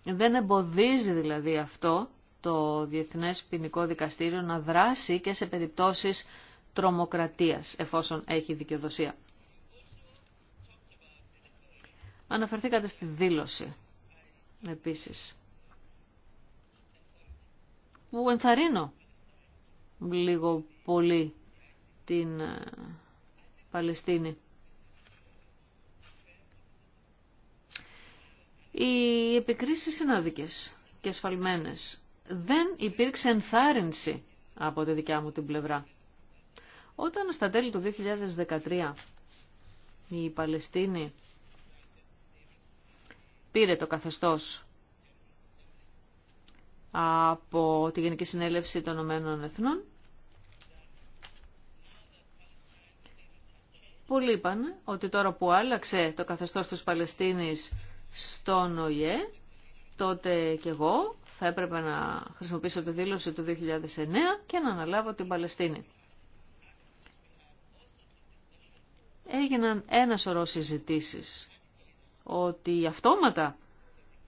Δεν εμποδίζει δηλαδή αυτό το Διεθνές Ποινικό Δικαστήριο να δράσει και σε περιπτώσεις τρομοκρατίας, εφόσον έχει δικαιοδοσία. Αναφερθήκατε στη δήλωση επίσης που ενθαρρύνω λίγο πολύ την ε, Παλαιστίνη. Οι επικρίσεις είναι άδικες και ασφαλμένες. Δεν υπήρξε ενθάρρυνση από τη δικιά μου την πλευρά. Όταν στα τέλη του 2013 η Παλαιστίνη πήρε το καθεστώς από τη Γενική Συνέλευση των Ηνωμένων Εθνών. Πολλοί είπαν ότι τώρα που άλλαξε το καθεστώς της Παλαιστίνης στον Οιέ, τότε και εγώ θα έπρεπε να χρησιμοποιήσω τη δήλωση του 2009 και να αναλάβω την Παλαιστίνη. Έγιναν ένα σωρό συζητήσεις ότι αυτόματα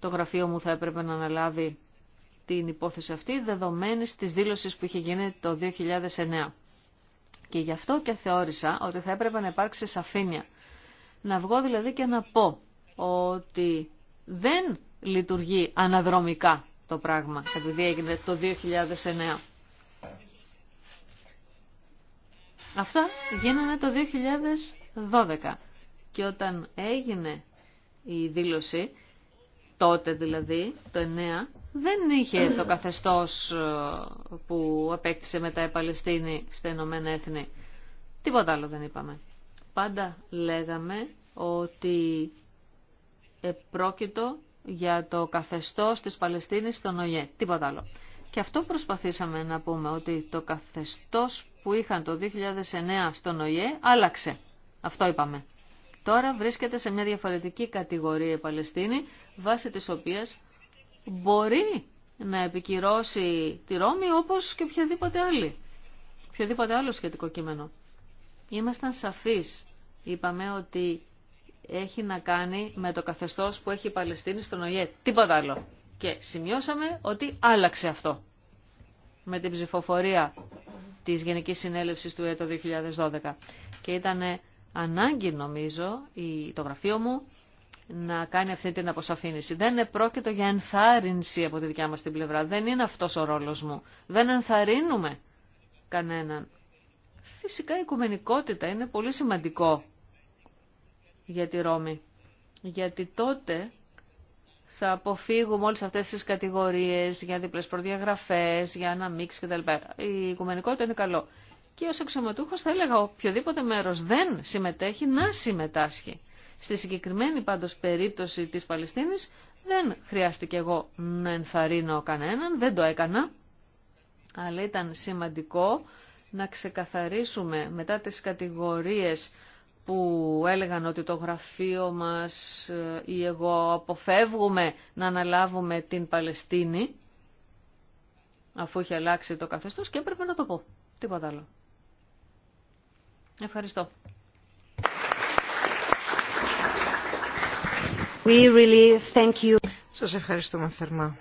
το γραφείο μου θα έπρεπε να αναλάβει την υπόθεση αυτή δεδομένη της δήλωσης που είχε γίνει το 2009. Και γι' αυτό και θεώρησα ότι θα έπρεπε να υπάρξει σαφήνεια. Να βγω δηλαδή και να πω ότι δεν λειτουργεί αναδρομικά το πράγμα, επειδή έγινε το 2009. Αυτά γίνανε το 2012 και όταν έγινε η δήλωση, τότε δηλαδή, το 9, δεν είχε το καθεστώς ε, που απέκτησε μετά η Παλαιστίνη στα Ηνωμένα Έθνη. Τίποτα άλλο δεν είπαμε. Πάντα λέγαμε ότι επρόκειτο για το καθεστώς της Παλαιστίνης στον ΟΙΕ. Τίποτα άλλο. Και αυτό προσπαθήσαμε να πούμε ότι το καθεστώς που είχαν το 2009 στον ΟΙΕ άλλαξε. Αυτό είπαμε. Τώρα βρίσκεται σε μια διαφορετική κατηγορία η Παλαιστίνη, βάσει της οποίας μπορεί να επικυρώσει τη Ρώμη όπως και οποιαδήποτε άλλη. Οποιοδήποτε άλλο σχετικό κείμενο. Ήμασταν σαφείς. Είπαμε ότι έχει να κάνει με το καθεστώς που έχει η Παλαιστίνη στον ΟΗΕ. Τίποτα άλλο. Και σημειώσαμε ότι άλλαξε αυτό με την ψηφοφορία της Γενικής Συνέλευσης του το 2012. Και ήταν ανάγκη νομίζω το γραφείο μου να κάνει αυτή την αποσαφήνιση. Δεν πρόκειται για ενθάρρυνση από τη δικιά μας την πλευρά. Δεν είναι αυτός ο ρόλος μου. Δεν ενθαρρύνουμε κανέναν. Φυσικά η οικουμενικότητα είναι πολύ σημαντικό για τη Ρώμη. Γιατί τότε θα αποφύγουμε όλες αυτές τις κατηγορίες για δίπλες προδιαγραφές, για ένα μίξει κτλ. Η οικουμενικότητα είναι καλό. Και ως αξιωματούχος θα έλεγα οποιοδήποτε μέρος δεν συμμετέχει να συμμετάσχει. Στη συγκεκριμένη πάντως περίπτωση της Παλαιστίνης δεν χρειάστηκε εγώ να ενθαρρύνω κανέναν, δεν το έκανα, αλλά ήταν σημαντικό να ξεκαθαρίσουμε μετά τις κατηγορίες που έλεγαν ότι το γραφείο μας ε, ή εγώ αποφεύγουμε να αναλάβουμε την Παλαιστίνη, αφού είχε αλλάξει το καθεστώς και έπρεπε να το πω. Τίποτα άλλο. Ευχαριστώ. Σας ευχαριστούμε θερμά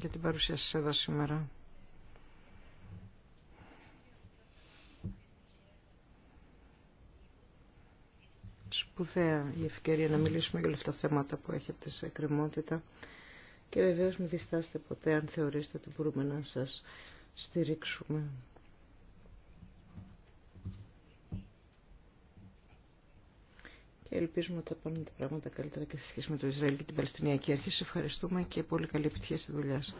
για την παρουσία σας εδώ σήμερα. Σπουδαία η ευκαιρία να μιλήσουμε για όλα αυτά τα θέματα που έχετε σε εκκρεμότητα και βεβαίως μην διστάσετε ποτέ αν θεωρήσετε ότι μπορούμε να σας στηρίξουμε. ελπίζουμε ότι θα πάνε τα πράγματα καλύτερα και σε σχέση με το Ισραήλ και την Παλαιστινιακή Αρχή. Σε ευχαριστούμε και πολύ καλή επιτυχία στη δουλειά σας.